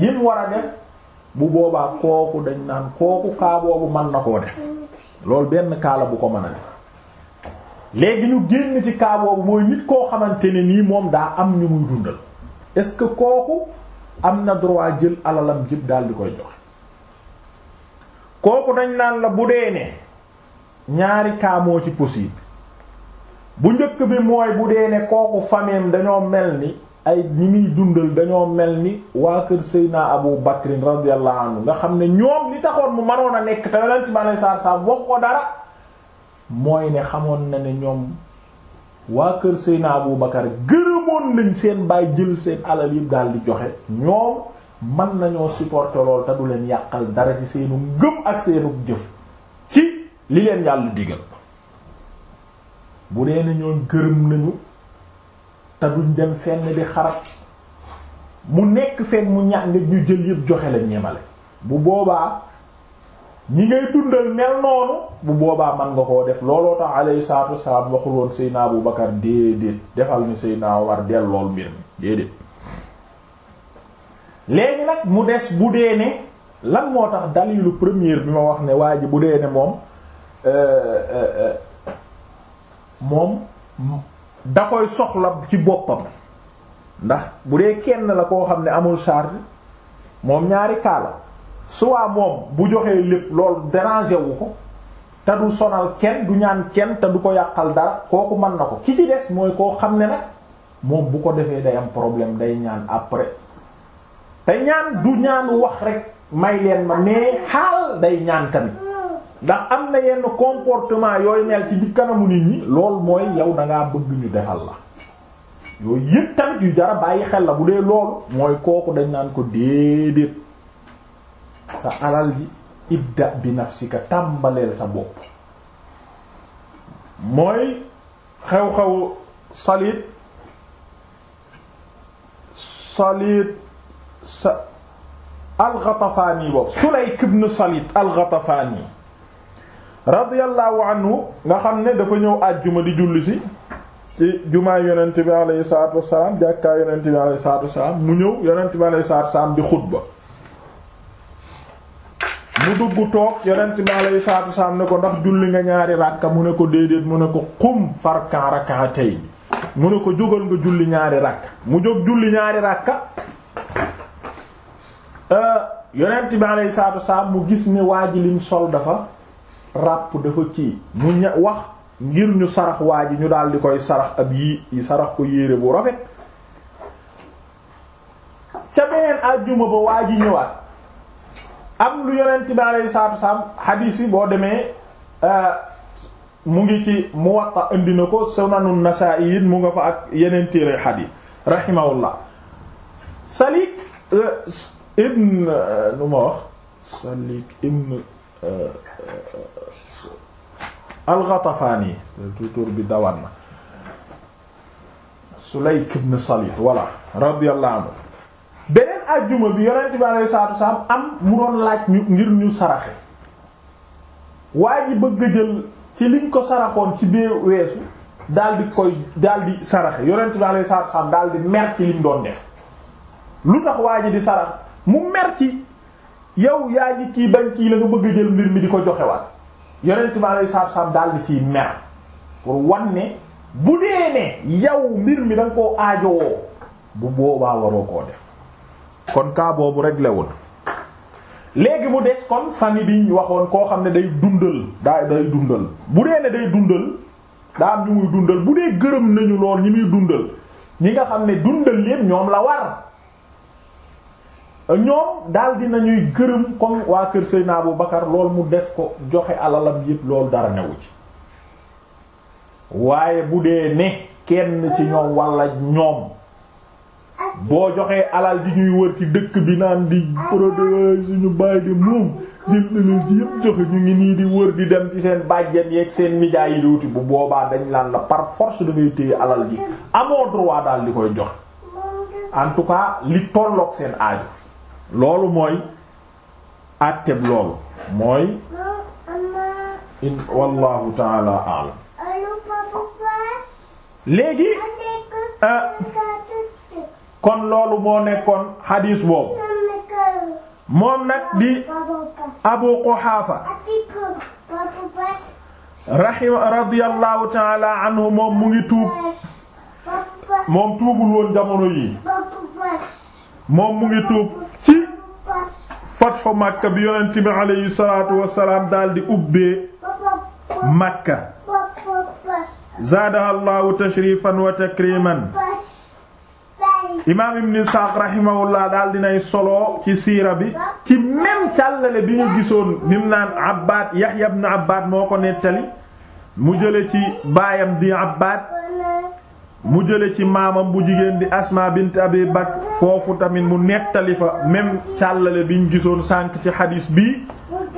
yim war a def bu boobaa kooku dañ naan kooku kaa boobu na koo def loolu benn kaala bu ko mën a def léegi ñu génn ci kaa mooy nit koo xamante ne nii moom daa am ñu muy dundal est-ce que kooku am na droit jël alalam jëpp daal di koy joxe kooku dañ naan la bu dee ne ñaari kaamoo ci possible bu njëkk bi mooy bu dee ne kooku famille dañoo mel ni ay ñi muy dundal dañoo mel ni waa kër Seydina Abu Bakrin radiyallahu anhu nga xam ne ñoom li taxoon mu mënoon a nekk te Yonent bi sallallahu alayhi wasallam waxu ko dara mooy ne xamoon na ne ñoom. waa kër Seyna Abu Bakar gërëmoon nañ seen baay jël seen alal yi daal di joxe ñoom man nañoo supporter lool te du leen yàqal dara ci seenu ngëm ak seenu jëf ci li leen yàlla digal bu dee ne ñoom gërëm nañu te duñ dem fenn di xarab mu nekk fenn mu ñàkk ñu jël yëpp joxe leen ñemale bu boobaa. ñi ngay dundal mel noonu bu boobaa man nga koo def looloo tax alayhi salaatu wasalaam waxul woon Seydina Abu Bakar déedéet defal ni Seydina Umar dellool mbir mi déedéet léegi nag mu des bu dee ne lan moo tax dalilu première bi ma wax ne waa ji bu dee ne moom euh, euh, euh, moom da koy soxla ci boppam ndax bu dee kenn la koo xam ne amul charge moom ñaari kaala soit moom bu joxee lépp loolu déranger wu ko te du sonal kenn du ñaan kenn te du ko yàqal dara kooku mën na ko ki ci des mooy koo xam ne nag moom bu ko defee day am problème day ñaan après te ñaan du ñaanu wax rek may leen ma mais xaal day ñaan tamit ndax am na yenn comportement yooyu mel ci di kanamu nit ñi loolu mooy yow da ngaa bëgg ñu defal la yooyu yëpp tamit yu jara bàyyi xel la bu dee loolu mooy kooku dañ naan ko déedéet sa alal ji ibda bi nafsika tàmbaleel sa bopp mooy xew-xewu saliit saliit sa alxatafaani boobu Sulayk ibn Saliit alxatafaani radiyallahu anhu nga xam ne dafa ñëw àjjuma di julli si ci jumaa yonent bi alayhi salaatu wassalaam jàkkaay yonent bi alayhi salaatu wassalaam mu ñëw yonent bi alayhi salaatu wassalaam di xutba mu dugg toog yonent bi alayhi salaatu wasalaam ne ko ndax julli nga ñaari ràkka mu ne ko déedéet mu ne ko xum farkan rakkan tey mu ne ko jógal nga julli ñaari ràkka mu jóg julli ñaari ràkka euh, yonent bi alayhi salaatu wasalaam mu gis ne waa ji lim sol dafa ràpp dafa kii mu ña wax ngir ñu sarax waa ñu daal di koy sarax ab yi sarax ko yére bu rafet ca beneen àjjuma ba waa ji ñëwaat am lu yonent bi alayhi salaatu wasalaam hadith yi boo demee euh, mu ngi ci Muwatta indi na ko Sunanu Nasaa'i it mu nga fa ak yeneen téere hadith rahimahullah Salik euh, ibn euh, nu ma wax Salik ibn al-Ghatafani tutur bi dawaan na ibn Salik wala radiyallahu anhu beneen ajjuma bi yonent bi alayhi salaatu wasalaam am mu doon laaj ñu ngir ñu saraxe waa ji bëgg a jël ci liñ ko saraxoon ci bee weesu daal di koy daal di saraxe yonent bi alayhi salaatu wasalaam daal di mer ci liñ doon def lu waa ji di sarax yow yaa ngi kii bañ kii la nga mbir mi di ko joxewaat yonent bi alayhi salaatu wasalaam daal pour wan bu dee ne yow mbir mi da koo aajowoo bu boobaa waroo koo def. kon cas boobu réglé wul léegi mu des kon famille bi ñu waxoon koo xam ne day dundal daa day dundal bu dee day dundal daa dundal bu gërëm nañu lool ñi muy dundal ñi nga xam ne dundal yépp ñoom la war ñoom daal nañuy gërëm comme waa kër naa bu Bakar lool mu def ko joxe alalam yépp loolu dara newu ci waaye bu dee ne kenn ci ñoom wala ñoom boo joxee alal ji ñuy wër ci dëkk bi naan di produire suñu baay de moom jël alal ji yëpp joxe ñu ngi nii di wër di dem ci seen bàjjen yeeg seen nijaay yi di wuti bu boobaa dañ laan la par force da ngay téye alal ji amoo droit daal di koy joxe en tout cas li tolloog seen aaju loolu mooy àtteb loolu mooy in wallahu taala alam léegi. kon loolu moo nekkoon xadiis boobu moom nag di Abu Quhaafa rahima radiyallahu moom mu ngi tuub moom tuubul woon jamono yi moom mu ngi tuub ci fatxu Makka bi yonent bi alayhi salaatu wassalaam Makka zaadaha allahu tashrifan wa takriman imaam ibn Isaaq rahimahullah daal dinay solo ci siira bi ci même càllale bi ñu gisoon bi mu naan Abbaad Yahya ibn Abbaad moo ko nettali mu jële ci baayam di Abbaad mu jële ci maamam bu jigéen di asmaa bint Abi Bakr foofu tamit mu nettali fa même càllale bi ñu gisoon sànk ci xadiis bi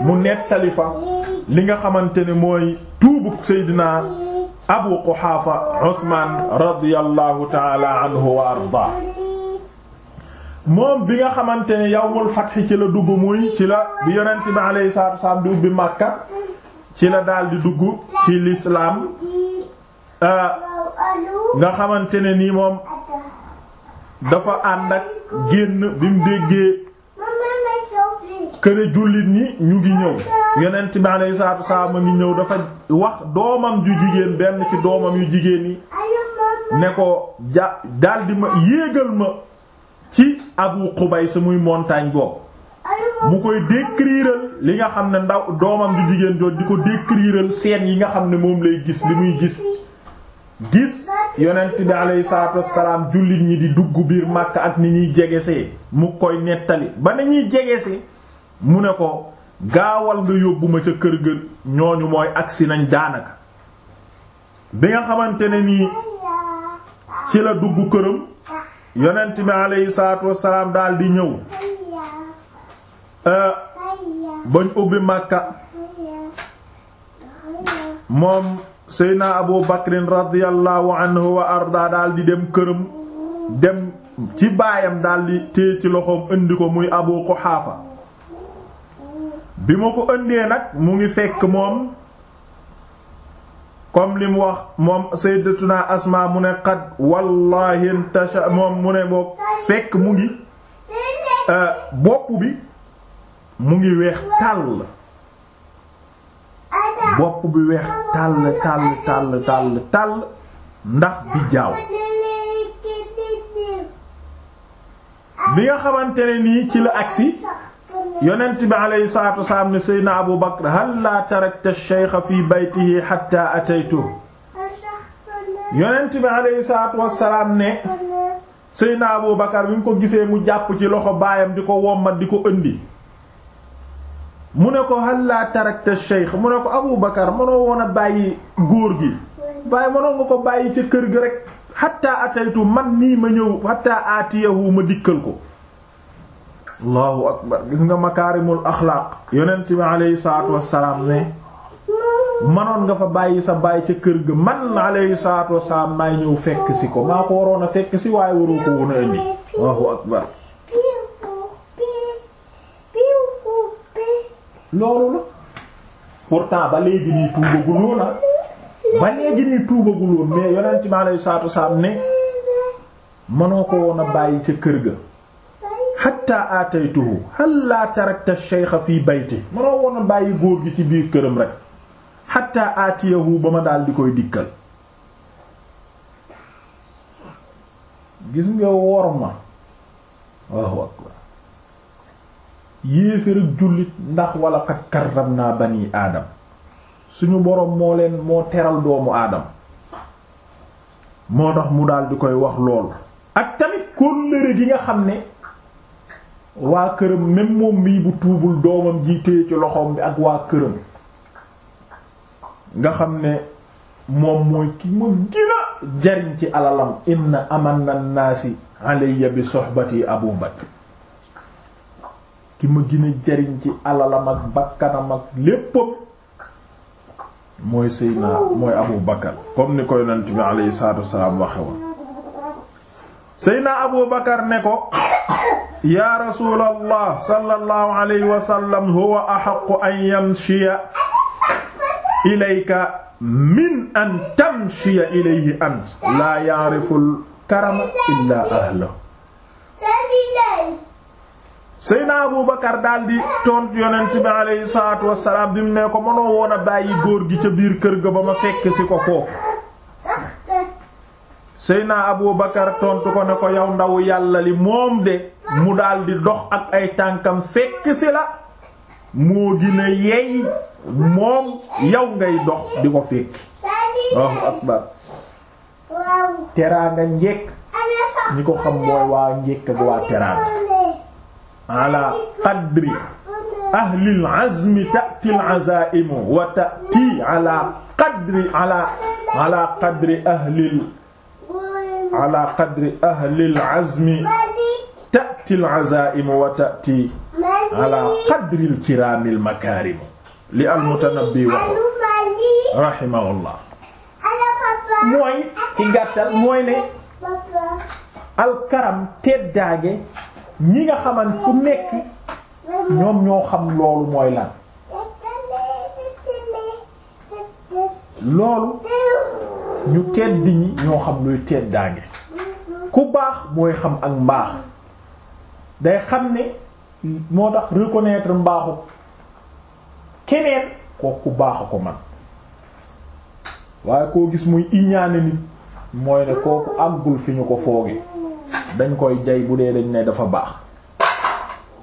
mu nettali fa li nga xamante ne mooy tuubug Seydina abu quxaafa moom bi nga xamante ne yawmul fatxi ci la dugg muy ci la bi yonent bi alayhi salaatu ubbi màkka ci la daal di dugg ci lislaam ah, nga xamante ne moom dafa ànd ak génn bi mu déggee këne jullit ñi ñu ngi ñëw yonent bi alayhi salaatu wasallam a ngi ñëw dafa wax doomam ju jigéen benn ci doomam yu jigéen yi ne ko ja daldi ma yéegal ma ci Abu Qubays muy montagne boobu mu koy décriral li nga xam ne ndaw doomam ju jigéen jooju di ko décriral seen yi nga xam ne moom lay gis li muy gis gis yonent bi alayhi salaatu wassalaam jullit ñi di dugg biir Makka ak ni ñuy jegesee mu koy nettali ba ni ñuy jegesee mu ne ko gaawal nga yóbbu ma ca kër ga ñooñu mooy agsi nañ daanaka bi nga xamante ne nii ci la dugg këram yonent bi aleyhi salaatu wassalaam daal di ñëw euh, bañ ubbi Makka moom Seydina Abu Bakrin radiyallahu anhu wa arda daal di dem këram dem ci baayam daal di téye ci loxoom indi ko muy Abu Quhaafa bi ma ko ëndee nag mu ngi fekk moom comme li wax moom sayyidatuna Asma mu ne qad wallahi moom mu ne boog fekk mu ngi euh, bopp bi mu ngi weex tàll bopp bi weex tàll tàll tàll tàll ndax bi jaaw bi nga xamante ne nii ci la agsi yonent bi alayhi salaatu wa salaam ne Seydina Abu Bakr hal laa tarakta ash-shaykha fi baytihi hatta yonent bi alayhi salaatu salaam ne sëy Abu Bakr bi mu ko gisee mu jàpp ci loxo baayam di ko wommat di ko ëndi mu ne ko hal laa tarakta mu ne ko Abu Bakr mënoo woon a bàyyi góor gi waaye mënoo nga ko bàyyi ci kër gi rek hatta ataytu man nii ma ñëw hatta aatiyahu ma dikkal ko allahu akbar gis nga makaarimul axlaaq yonent bi aleyhi salaatu wassalaam ne manoon nga fa bàyyi sa bàyyi ca kër ga man aleyhi salaatu wassalaam maay ñëw fekk si ko maa ko waroon a fekk si waaye waroo ko woon a indi allahu akbar loolu la ne manoo ko woon a bàyyi ca kër ga xatta aataytuhu hal laa tarakta shaykha fii bayti mënoo woon a bàyyi góor gi ci biir këram rek xatta aatiyahu ba ma daal di koy dikkal gis nga wor ma waaw ak jullit ndax wala qad karramna bani aadam suñu boroom moo leen moo teral doomu aadam moo tax mu daal di koy wax loolu ak tamit kóllëre gi nga xam ne waa këram même moom mii bu tuubul doomam ji téye ci loxoom bi ak waa këram nga xam ne moom mooy ki ma gën a jariñ ci alalam inna amanna bi soxbati abu bakr ki ma gën a ci alalam ak bakkanam ak léppam mooy Seydina mooy abu bakar comme ni koy yonent bi alayhi salaatu wassalaam waxe woon seydna abu bakar ne ko yaa rasuulallah sallallahu alayhi wa sallam huwa axaqu an yamshiya ilayka min an tamshiya ilayhi ant laa ya'riful karama illaa ahlahu seydna abu bakar daldi tontu yonent alayhi salaatu wassalaam bi mu ne ko mënoo góor gi ca biir kër ga ba ma fekk ko foofu Seyna Abu Bakar tontu ko ne ko yow ndaw yàlla li moom de mu daldi dox ak ay tànkam fekk si la moo gën a yey moom yow ngay dox di ko fekk Allahu akbar teraanga njekk ñi ko xam mooy waa njekk ak waa teraanga ala qadri ahlil azmi ta'til azaimu wa ta'ti ala qadri ala ala qadri ahlil ala qadri ahlil azmi ta'til azaa'im wa ta'ti ala qadril kiraamil makaarim li al-Mutanabbi waxoon rahimahullah mooy ci gàttal mooy ne alkaram teddaage ñi nga xaman ku nekk ñoom ñoo xam loolu mooy lan loolu ñu tedd ñi ñoo xam luy teddaange ku baax mooy xam ak mbaax day xam ne moo tax reconnaître mbaaxu keneen kooku baax a ko man waaye koo gis muy iñaane nit mooy ne kooku àggul fi ñu ko fooge dañ koy jay bu dee dañ ne dafa baax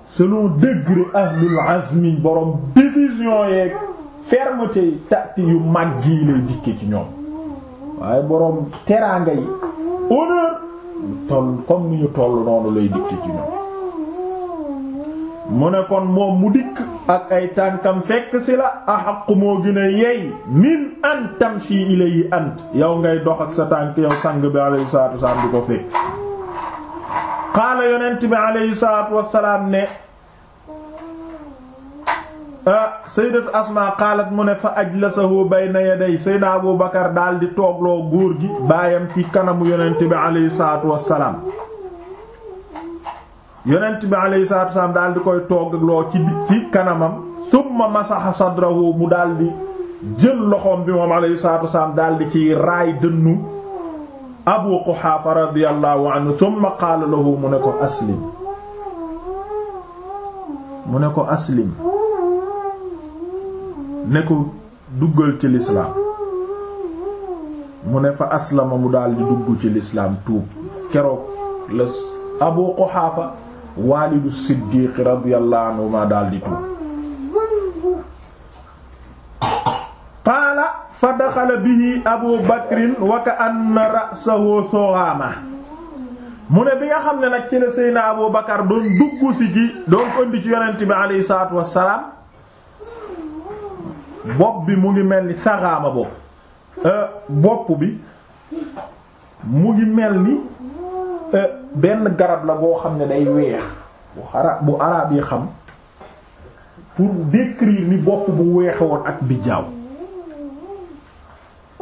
selon degré ahlul azmi borom décision yeeg fermeté tatti yu mag gii lay dikke ci ñoom waaye boroom teraanga yi honneur toll comme ni ñu noonu lay dikk ci mu ne kon moom mu dikk ak ay tànkam fekk si la axaqu moo gën a yey min an tamshi ilayhi ant yow ngay dox ak sa tànk yow sang bi alayhi salaatu wasalaam di ko fekk qaala yonent bi alayhi salaatu wasalaam ne Ah, sayyidatu asma qaalat mu ne fa ajlasahu bayna yaday sayyidna abu bakar daldi di toogloo góor gi baayam ci kanamu yonent bi alayhi salaatu wassalaam yonent daal di koy toogloo ci kanamam summa masaxa sadrahu mu daal jël loxoom bi moom alayhi salaatu ci raay dënnu abu quxaafa radiyallahu anhu summa qaala mu ne ko aslim mu ne ko aslim ne ko duggal ci lislaam mu ne fa aslama mu daal di dugg ci lislaam tuub keroog la Abu Quhaafa waalidu siddiiq radiyallahu anhu ma daal tuub qaala fa daxala bihi Abu Bakrin wa anna ra'sahu Suwaama mu ne bi nga xam ne nag ci la Seyna Abu Bakar doon dugg si ji doon ëndi ci yonent bi alayhi salaatu wassalaam bopp bi mu ngi mel ni saxaama bopp euh, bopp bi mu ngi mel ni euh, benn garab la boo xam ne day weex bu xara bu araab yi xam pour décrire ni bopp bu weexe woon ak bijaaw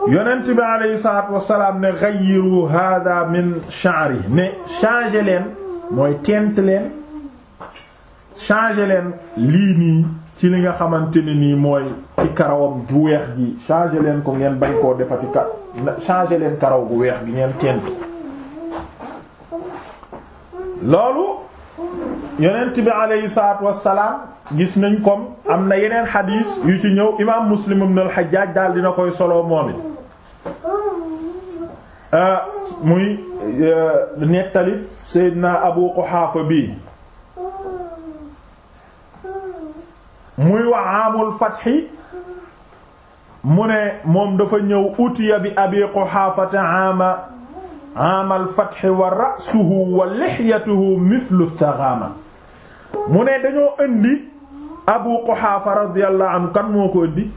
yonent bi aleyhi salaatu wasalaam ne xayiru hada min sha'ri ne changer leen mooy tent leen changer leen lii nii ci li nga xamante ne nii mooy ci karawam gu weex gi changer leen ko ngeen bañ koo defati ka changer leen karaw gu weex gi ngeen tent loolu yonent bi aleyhi salaatu wassalaam gis nañ comme am na yeneen xadiis yu ci ñëw imaam muslim ibn al daal dina koy solo moom it euh, muy euh, nettali Seydina Abu Quhaafa bii muy wax amul fatxi mu ne moom dafa ñëw utiya bi abi quxaafata ama amal fatxi wa ra'suhu wa lixyatuhu mithlu saxaama mu ne dañoo indi abu quxaafa radiyallahu anhu kan moo ko indi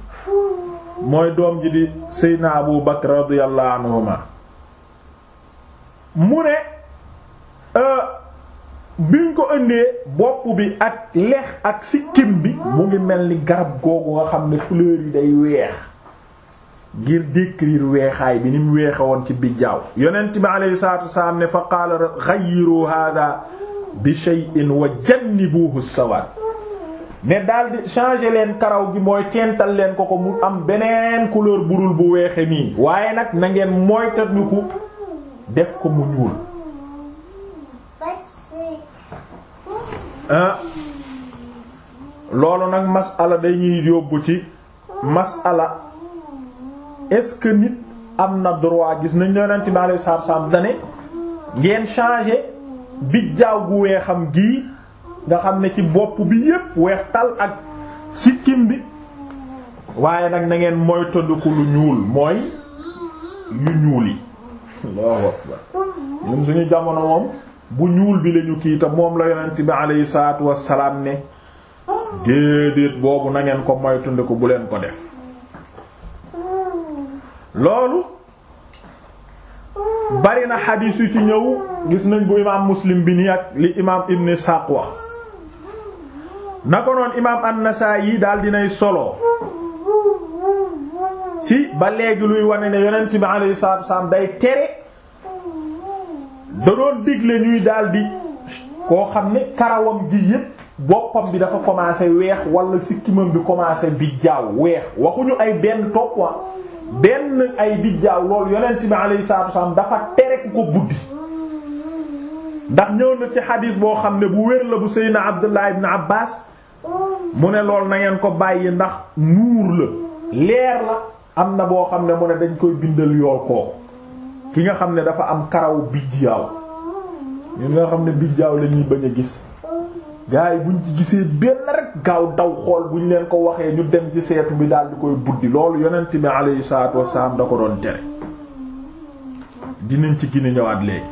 mooy doom ji di seydna abu bakr radiyallahu anhuma mu ne euh, biñ ko indee bopp bi ak lex ak sikkim bi mu ngi mel ni garab googu nga xam ne fleur yi day weex ngir décrire weexaay bi ni mu weexe woon ci bijjaaw yonent bi alayhi salaatu ne fa qaala ghayyiru hada bi shay'in wa jannibuhu sawaad ne daal di changer leen karaw gi mooy teental leen ko ko mu am beneen couleur burul bu weexe nii waaye nag na ngeen moytandiku def ko mu ñuul Ah. loolu nag masala dañuy yóbbu ci masala est-ce que nit am na droit gis nañ yonent bi alayhi salaatu salaam dane ngeen changer bijjaaw gu weexam gii nga xam ne ci bopp bi yépp weex tal ak sikkim bi waaye nag na ngeen moytandiku lu ñuul mooy yu ñuul yi Allahu jamono moom bu ñuul bi lañu kii te moom la yonent bi alayhi salaatu wassalaam ne déedéet boobu nangeen ngeen ko moytundiku bu leen ko def loolu bari na xadiis yu ci ñëw gis nañ bu imaam muslim bi nii ak li imaam ibn Isaaq wax na ko noon imaam an-Nasaa'i daal dinay solo ci ba léegi luy wane ne yonent bi alayhi salaatu wassalaam day tere da doon digle ñuy daldi koo xam ne karawam gi yépp boppam bi dafa commencé weex walla sikkimam bi commencé bijjaaw weex waxuñu ay benn toppwa benn ay bijjaaw loolu yonent bi alayhi salaatu dafa tere ku ko buddi ndax ñëw na ci xadiis boo xam ne bu wér la bu Seydina Abdullah ibn Abbas mu ne lool na ngeen ko bàyyi ndax nuur la leer la am na boo xam ne mu ne dañ koy bindal yool kooku ki nga xam ne dafa am karaw bijjaaw ñun nga xam ne bijjaaw la ñuy bañ a gis gars yi buñ ci gisee benn rek gaaw daw xool bu ñu leen ko waxee ñu dem ci seetu bi daal di koy buddi loolu yonent bi alayhi salaatu wassalaam da ko doon tere dinañ ci gine ñëwaat léegi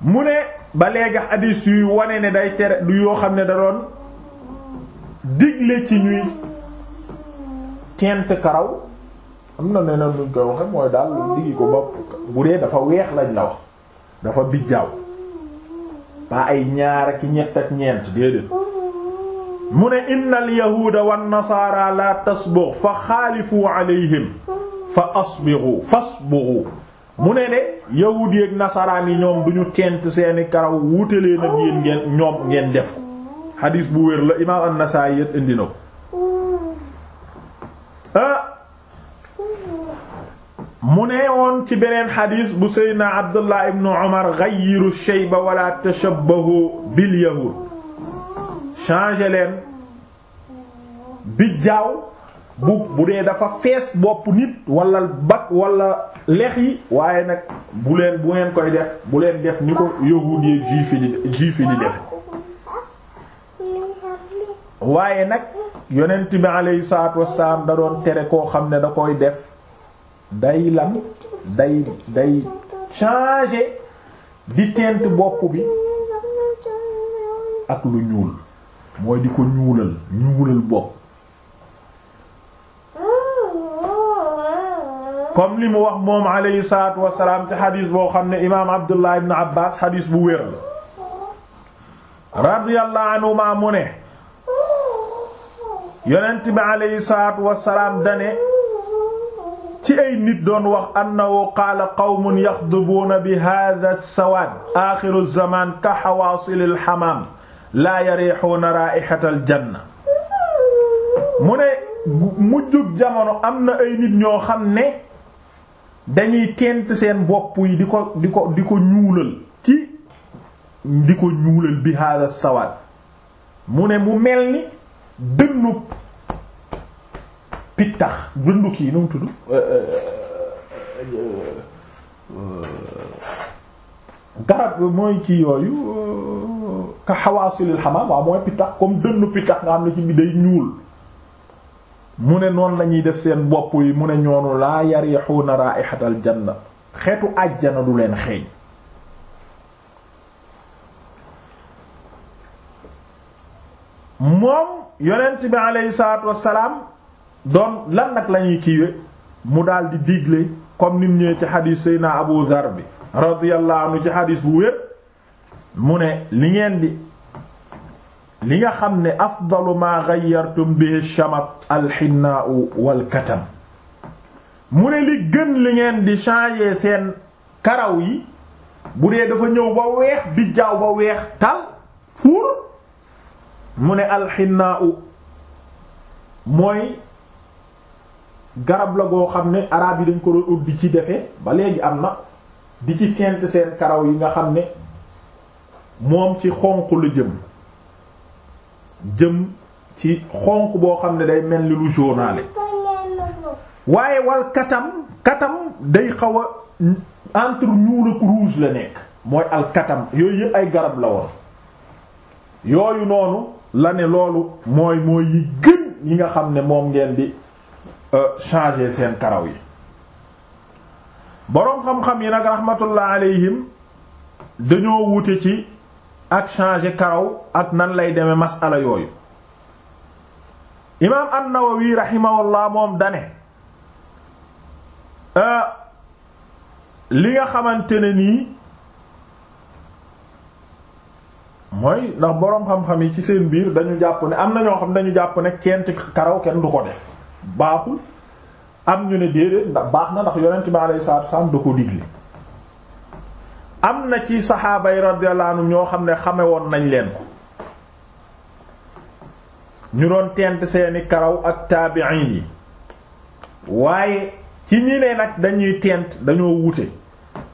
mu ne ba léegi hadis yuy wane ne day tere du yoo xam ne da doon digle ci ñuy tent karaw am na neneen luñ koy waxe mooy daal digi ko ba bu dee dafa weex lañ la wax dafa bijjaaw ba ay ñaar ak ñett ak ñeent déedéet mu ne innal yahuuda wan nasaara la tasbugh fa xaalifu alayhim fa asbighu fasbughu mu ne de yahuud yi ak nasaraan yi ñoom duñu tent seeni karaw wuute leen ak ngeen ñoom ngeen def ko xadiis bu wér la imaam an-Nasaa'i indi na ko mu ne woon ci beneen xadiis bu seydna abdullah ibnu omar gayyiru shayba wala tashabbahu bil yahud changé leen bijjaaw bu bu dee dafa fees bopp nit walla bak walla lex yi waaye nag bu leen bu ngeen koy def bu leen def ni ko yahud yi juif yi di juif yi waaye nag yonent bi aleyhi salaatu wasalaam da doon tere koo xam ne da koy def day lan day day changer di teint bopp bi ak lu ñuul mooy di ko ñuulal ñuulal bopp comme li mu wax moom alayhi salaatu wasalaam ci xadis boo xam ne imaam Abdullah ibn Abbas xadis bu wér la radiyallahu anhuma mu ne yonent bi alayhi salaatu wasalaam dane ci ay nit doon wax annahu qaala qawmun yaxdubuuna bi hada sawaad axiru zaman ka xawaasil alxamaam laa yarixuuna raixata aljanna mu ne mujjug jamono am na ay nit ñoo xam ne dañuy tent seen bopp yi di ko di ko di ko ñuulal ci di ko ñuulal bi hada sawaad mu ne mu mel ni dënnub pictax dundu kii nu mu tudd euh, euh, euh, garab mooy kii yooyu ka xawaasilil xamaam waaw mooy pitax comme dënnu pitax nga xam ne ci bi day ñuul mu ne noon lañuy def seen bopp yi mu ne ñoonu laa yarixuuna raaihatal janna xeetu àjjana du leen xeeñ moom yonent bi aleyhi salaatu wassalaam doon lan nag la ñuy mu daldi digle comme nim ñëwee ci xadiis Seydina Abu Dhar bi radiyallahu ci xadiis bu wér mu ne li li nga xam ne afdalu ma gayyartum bihi shamat walkatam mu ne li gën li ngeen di changer seen karaw yi bu dee dafa ñëw ba weex bi jaaw ba weex tal fuur mu ne alxinnaau mooy garab la goo xam ne arab yi dañ ko doon ubbi ci defee ba léegi am na di ci teint seen karaw yi nga xam ne moom ci xonq la jëm jëm ci xonq boo xam ne day mel ni lu journalé waaye wal katam katam day xaw a entre ñuul ak rouge la nekk mooy al katam yooy yëpp ay garab la woon yooyu noonu la ne loolu mooy mooy yi gën yi nga xam ne moom ngeen di Euh, changer seen karaw yi boroom xam-xam yi nag rahmatullah alayhim dañoo wute ci ak changer karaw ak nan lay demee masala yooyu imaam an-Nawawi rahimahullah moom dane euh, li nga xamante ne nii mooy ndax boroom xam-xam yi ci seen biir dañu jàpp ne am na ñoo xam dañu jàpp ne cent karaw kenn du ko def baaxul am ñu ne déedéet ndax baax na ndax yonent bi alayhi salaatu wasallam du ko digle am na ci saxaaba yi ñoo xam ne xame woon nañ leen ko ñu doon tent seeni karaw ak taabiin yi waaye ci ñi ne nag dañuy tent dañoo wute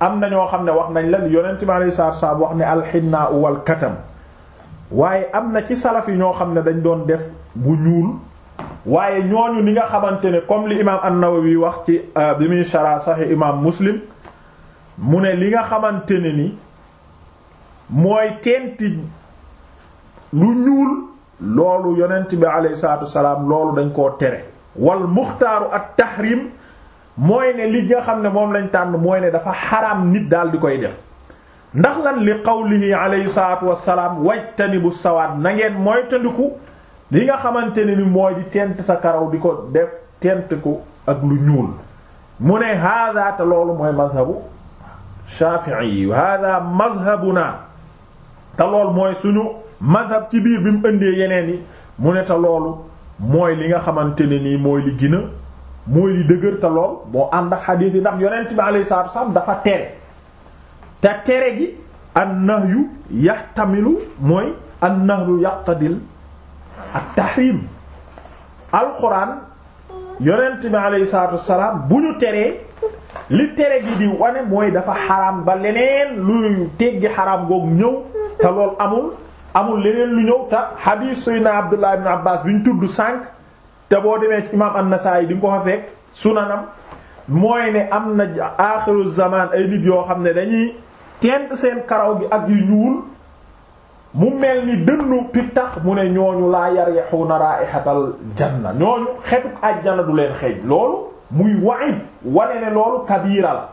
am na ñoo xam ne wax nañ la yonent bi alayhi salaatu wasallam wax ne alxinnaa wal katam waaye am na ci salafi ñoo xam ne dañ doon def bu ñuul waaye ñooñu ni nga xamante ne comme li imaam an wi wax ci euh, bi muy shara Sahih imaam Muslim mu ne li nga xamante ne ni mooy teenti lu ñuul loolu yonent bi alayhi salaatu salaam loolu dañ koo tere wal muxtaaru ak tahrim mooy ne li nga xam ne moom lañ tànn mooy ne dafa xaraam nit daal di koy def ndax lan li qawlihi alayhi salaatu wassalaam wajtanibu sawaat na ngeen moytandiku li nga xamante ne ni mooy di tent sa karaw di ko def tent ko ak lu ñuul mu ne hada te loolu mooy mazhabu shafi'i yi hada mazhabuna te lool mooy suñu mazhab ci biir bi mu indee yeneen yi mu ne te loolu mooy li nga xamante ne nii mooy li gën a mooy li dëgër lool moo ànd ak xadiis yi ndax yonent bi alayhi salaatu wasallam dafa tere te tere gi an nahyu yaxtamilu mooy an nahyu yaqtadil ak tahrim alquran yonent bi alayhi salaatu bu ñu teree li tere gi di wane mooy dafa xaraam ba leneen luy teggi xaraam googu ñëw te loolu amul amul leneen lu ñëw te hadith sayyidina Abdullah bi ñu tudd sànk te boo demee ci imaam an-Nasaa'i di nga ko fekk sunanam mooy ne am na aaxiru zamaan ay nit yoo xam ne dañuy tent seen karaw gi ak yu ñuul mu mel ni dënnu pittax mu ne ñooñu laa yarixuuna raihatal janna ñooñu xetuk àjjana du leen xeeñ loolu muy waib wane ne loolu kabiira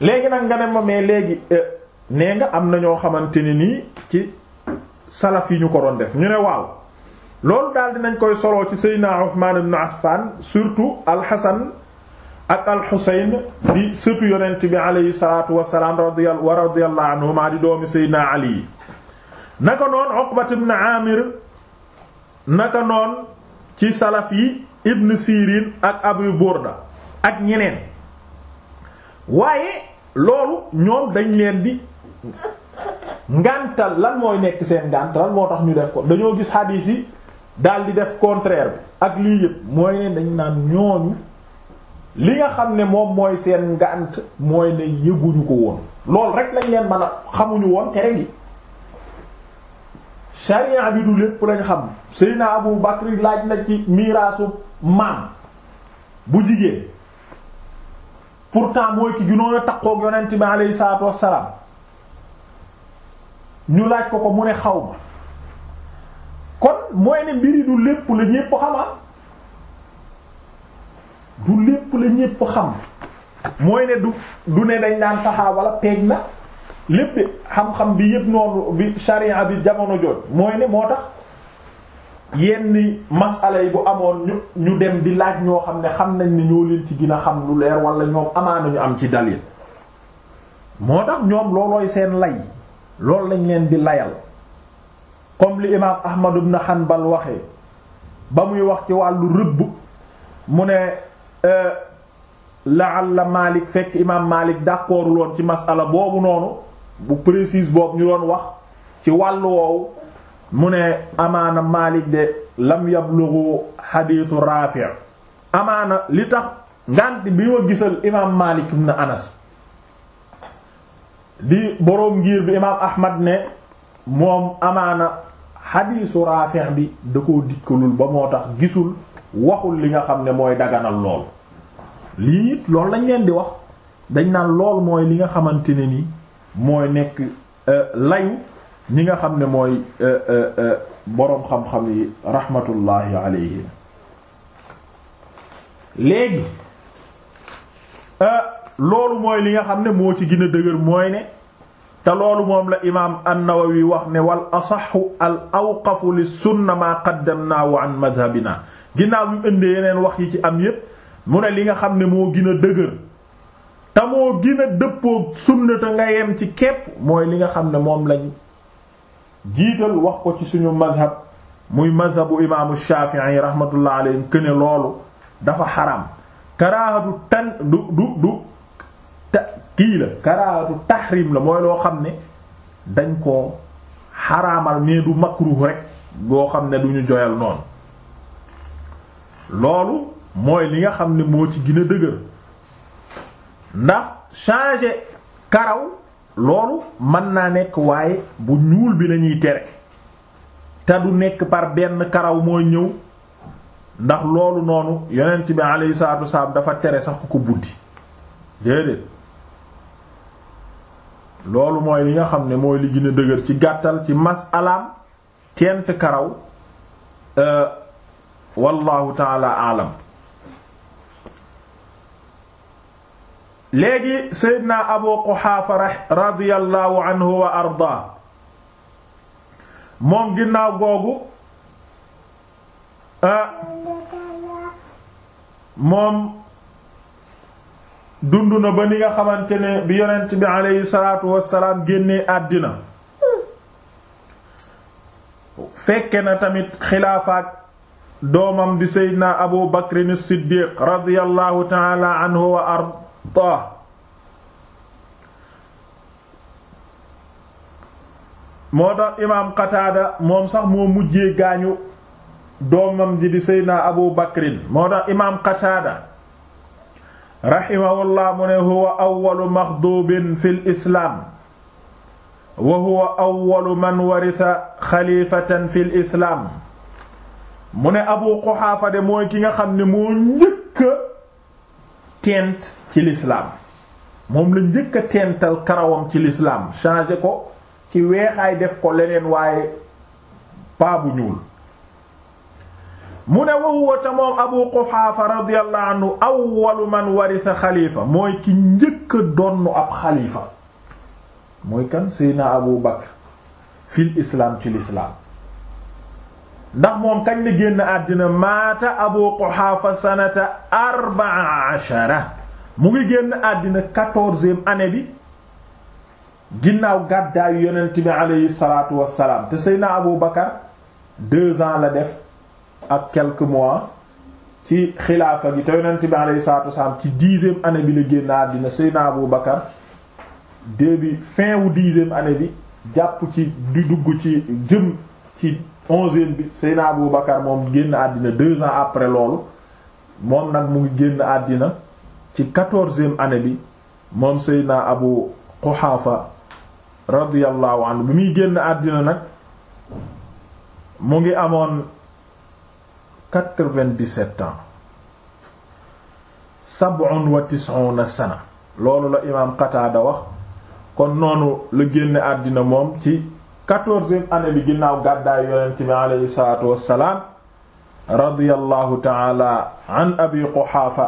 léegi nag nga ne ma mais léegi euh, nee nga am na ñoo xamante ne nii ci salafi yi ñu ko doon def ñu ne waaw loolu daal nañ koy soloo ci Seydina Uthman ibn surtout al-Hasan ak al-Husayn di sëtu yonent bi alayhi salatu wasalam wa radiyallahu anhuma di doomi Seydina Ali naka noon Uqbat na Amir naka noon ci salaf yi Ibn Sirin ak Abu Burda ak ñeneen waaye loolu ñoom dañ leen di ngàntal lan mooy nekk seen ngàntal lan moo tax ñu def ko dañoo gis hadis yi daal di def contraire bi ak lii yëpp mooy ne dañ naan ñooñu li nga xam ne moom mooy seen ngànt mooy ne yëguñu ko woon loolu rek lañ leen mën xamuñu woon tere gi sharia bi du lépp lañ xam Seydina Abu Bakr laaj na ci miiraasu maam bu jigéen pourtant mooy ki ginoon a takkook yonent bi aleyhi salaatu wassalaam ñu laaj ko ko mu ne xaw ma kon mooy ne mbiri du lépp la ñépp xama ah. du lépp la ñépp xam mooy ne du du ne dañ naan saxaa la peeg na lépp xam-xam bi yëpp noonu bi sharia bi jamono jooj mooy ne moo tax yenn masala yi bu amoon ñu ñu dem di laaj ñoo xam ne xam nañ ne ñoo leen ci gina xam lu leer wala ñoom amaa ñu am ci dalil moo tax ñoom loolooy seen lay loolu lañ leen di layal comme li imaam Ahmad ibn Hanbal waxee ba muy wax ci wàllu rëbb mu ne euh, la'alla Maalik fekk imaam Maalik d'accorduloon ci masala boobu noonu bu précise boobu ñu doon wax ci wàllu woowu mu ne amaana Maalik de lam yablughu xadiisu Raafi' amaana li tax ngànt bi ma gisal imaam Maalik ibn Anas di boroom ngir bi imaam Ahmad ne moom amaana xadiisu Raafi' bi da ko dikkalul ba moo tax gisul waxul li nga xam ne mooy daganal lool lii it loolu lañ leen di wax dañ naan lool mooy li nga xamante ne nii mooy nekk euh, layu ñi nga xam ne mooy euh, euh, boroom xam-xam yi rahmatullahi alayhim léegi loolu mooy li nga xam ne moo ci gën a dëgër mooy ne te loolu moom la imaam an-Nawawi wax ne wal asaxu al awqafu li sunna maa qaddamnaahu an madhabina ginnaaw mu ëndee yeneen wax yi ci am yépp mu ne li nga xam ne moo gën dëgër te moo gën a dëppoog nga yem ci kepp mooy li nga xam ne moom lañ jiital wax ko ci suñu mazhab muy mazhabu imaamu Shafi'i rahmatullah alayhi que ne loolu dafa xaraam karaahatu tan du du du ta kii la karaahatu tahrim la mooy loo xam ne dañ ko xaraamal mais du makruh rek goo xam ne du ñu joyal noonu loolu mooy li nga xam ne moo ci gën a dëgër ndax changer karaw loolu mën naa nekk waaye bu ñuul bi lañuy tere te du nekk par benn karaw mooy ñëw ndax loolu noonu yonent bi alayhi salaatu wasalaam dafa tere sax ku ko buddi déedéet loolu mooy li nga xam ne mooy li gën dëgër ci gàttal ci masalaam teent karaw euh, wallahu taala alam léegi Seydina Abu Quhaafa radiyallahu anhu wa arda moom ginnaaw googu ah, moom dund na ba ni nga xamante ne bi yonent bi aleyhi salaatu wassalaam génnee àddina fekke na tamit xilaafaak doomam di Seydina Abu Bakrin Siddiq radiyallahu taala wa arda taa moo tax imaam Qataada moom sax moo mujjee gaañu doomam ji di Seydina Abu Bakrin moo tax imaam Qataada raximahullah mu ne huwa awwalu maxduubin fil islaam wa huwa awwalu man warisa xalifatan fil islaam mu ne Abu Quxaafa de mooy ki nga xam ne moo njëkk teent ci lislaam moom la njëkk a karawam ci lislaam changé ko ci weexaay def ko leneen waaye paa bu ñuul mu ne wa huwa ta moom abu quxaafa radiyallahu anhu awwalu man warisa xalifa mooy ki njëkk a donnu ab xalifa mooy kan seydna abu bakr fil islaam ci lislaam ndax moom kañ la génn àddina maata abu quhaafa sanata arbaa ashara mu ngi génn àddina quatorzième année bi ginnaaw gàddaayu yonent bi aleyhi salaatu wassalaam te seyna abu bakar deux ans la def ak quelques mois ci xilaafa gi te yonent bi aleyhi salaatu wassalaam ci dixième année bi la génn àddina seyna abu bakar début fin wu dixième année bi jàpp ci di dugg ci jëm ci onzième bi Seydina Abu Bakar moom génn àddina deux après loolu moom nag mu ngi génn àddina ci quatorzième année bi moom Seydina Abu Quhafa radiyallahu anhu bi muy génn àddina nag mu ngi amoon quatre-vingt-dix-sept ans sab'un wa loolu la imaam Qataada wax kon noonu la génn àddina moom ci quatorzième année bi ginnaaw gàddaay yonent bi aleyhi salaatu wassalaam abi quxaafa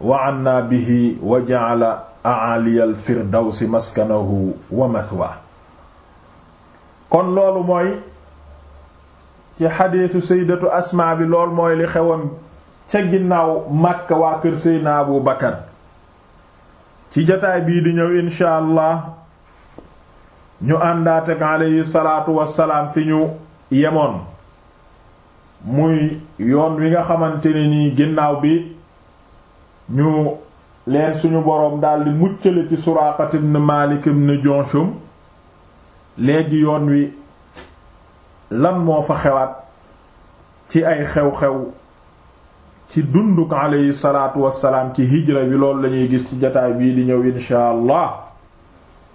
wa anna bihi wa ja'ala a'aliyal firdawsi maskanahu wa mathwa kon loolu mooy ci xadiisu saydatu asmaa bi lool mooy li xewam ca ginnaaw Makka waa kër Seydina Abu Bakar ci jotaay bii di ñëw insha allah ñu àndaat ak aleyhi salaatu wassalaam fi ñu yemoon muy yoon wi nga xamante ne nii ginnaaw bi ñu leen suñu boroom daldi muccale ci Suraaqa ibn Maalik ibn Junshum léegi yoon wi lan moo fa xewaat ci ay xew-xew ci dunduk aleyhi salaatu wassalaam ci hijra bi loolu lañuy gis ci jataay bii di ñëw inshaa Allah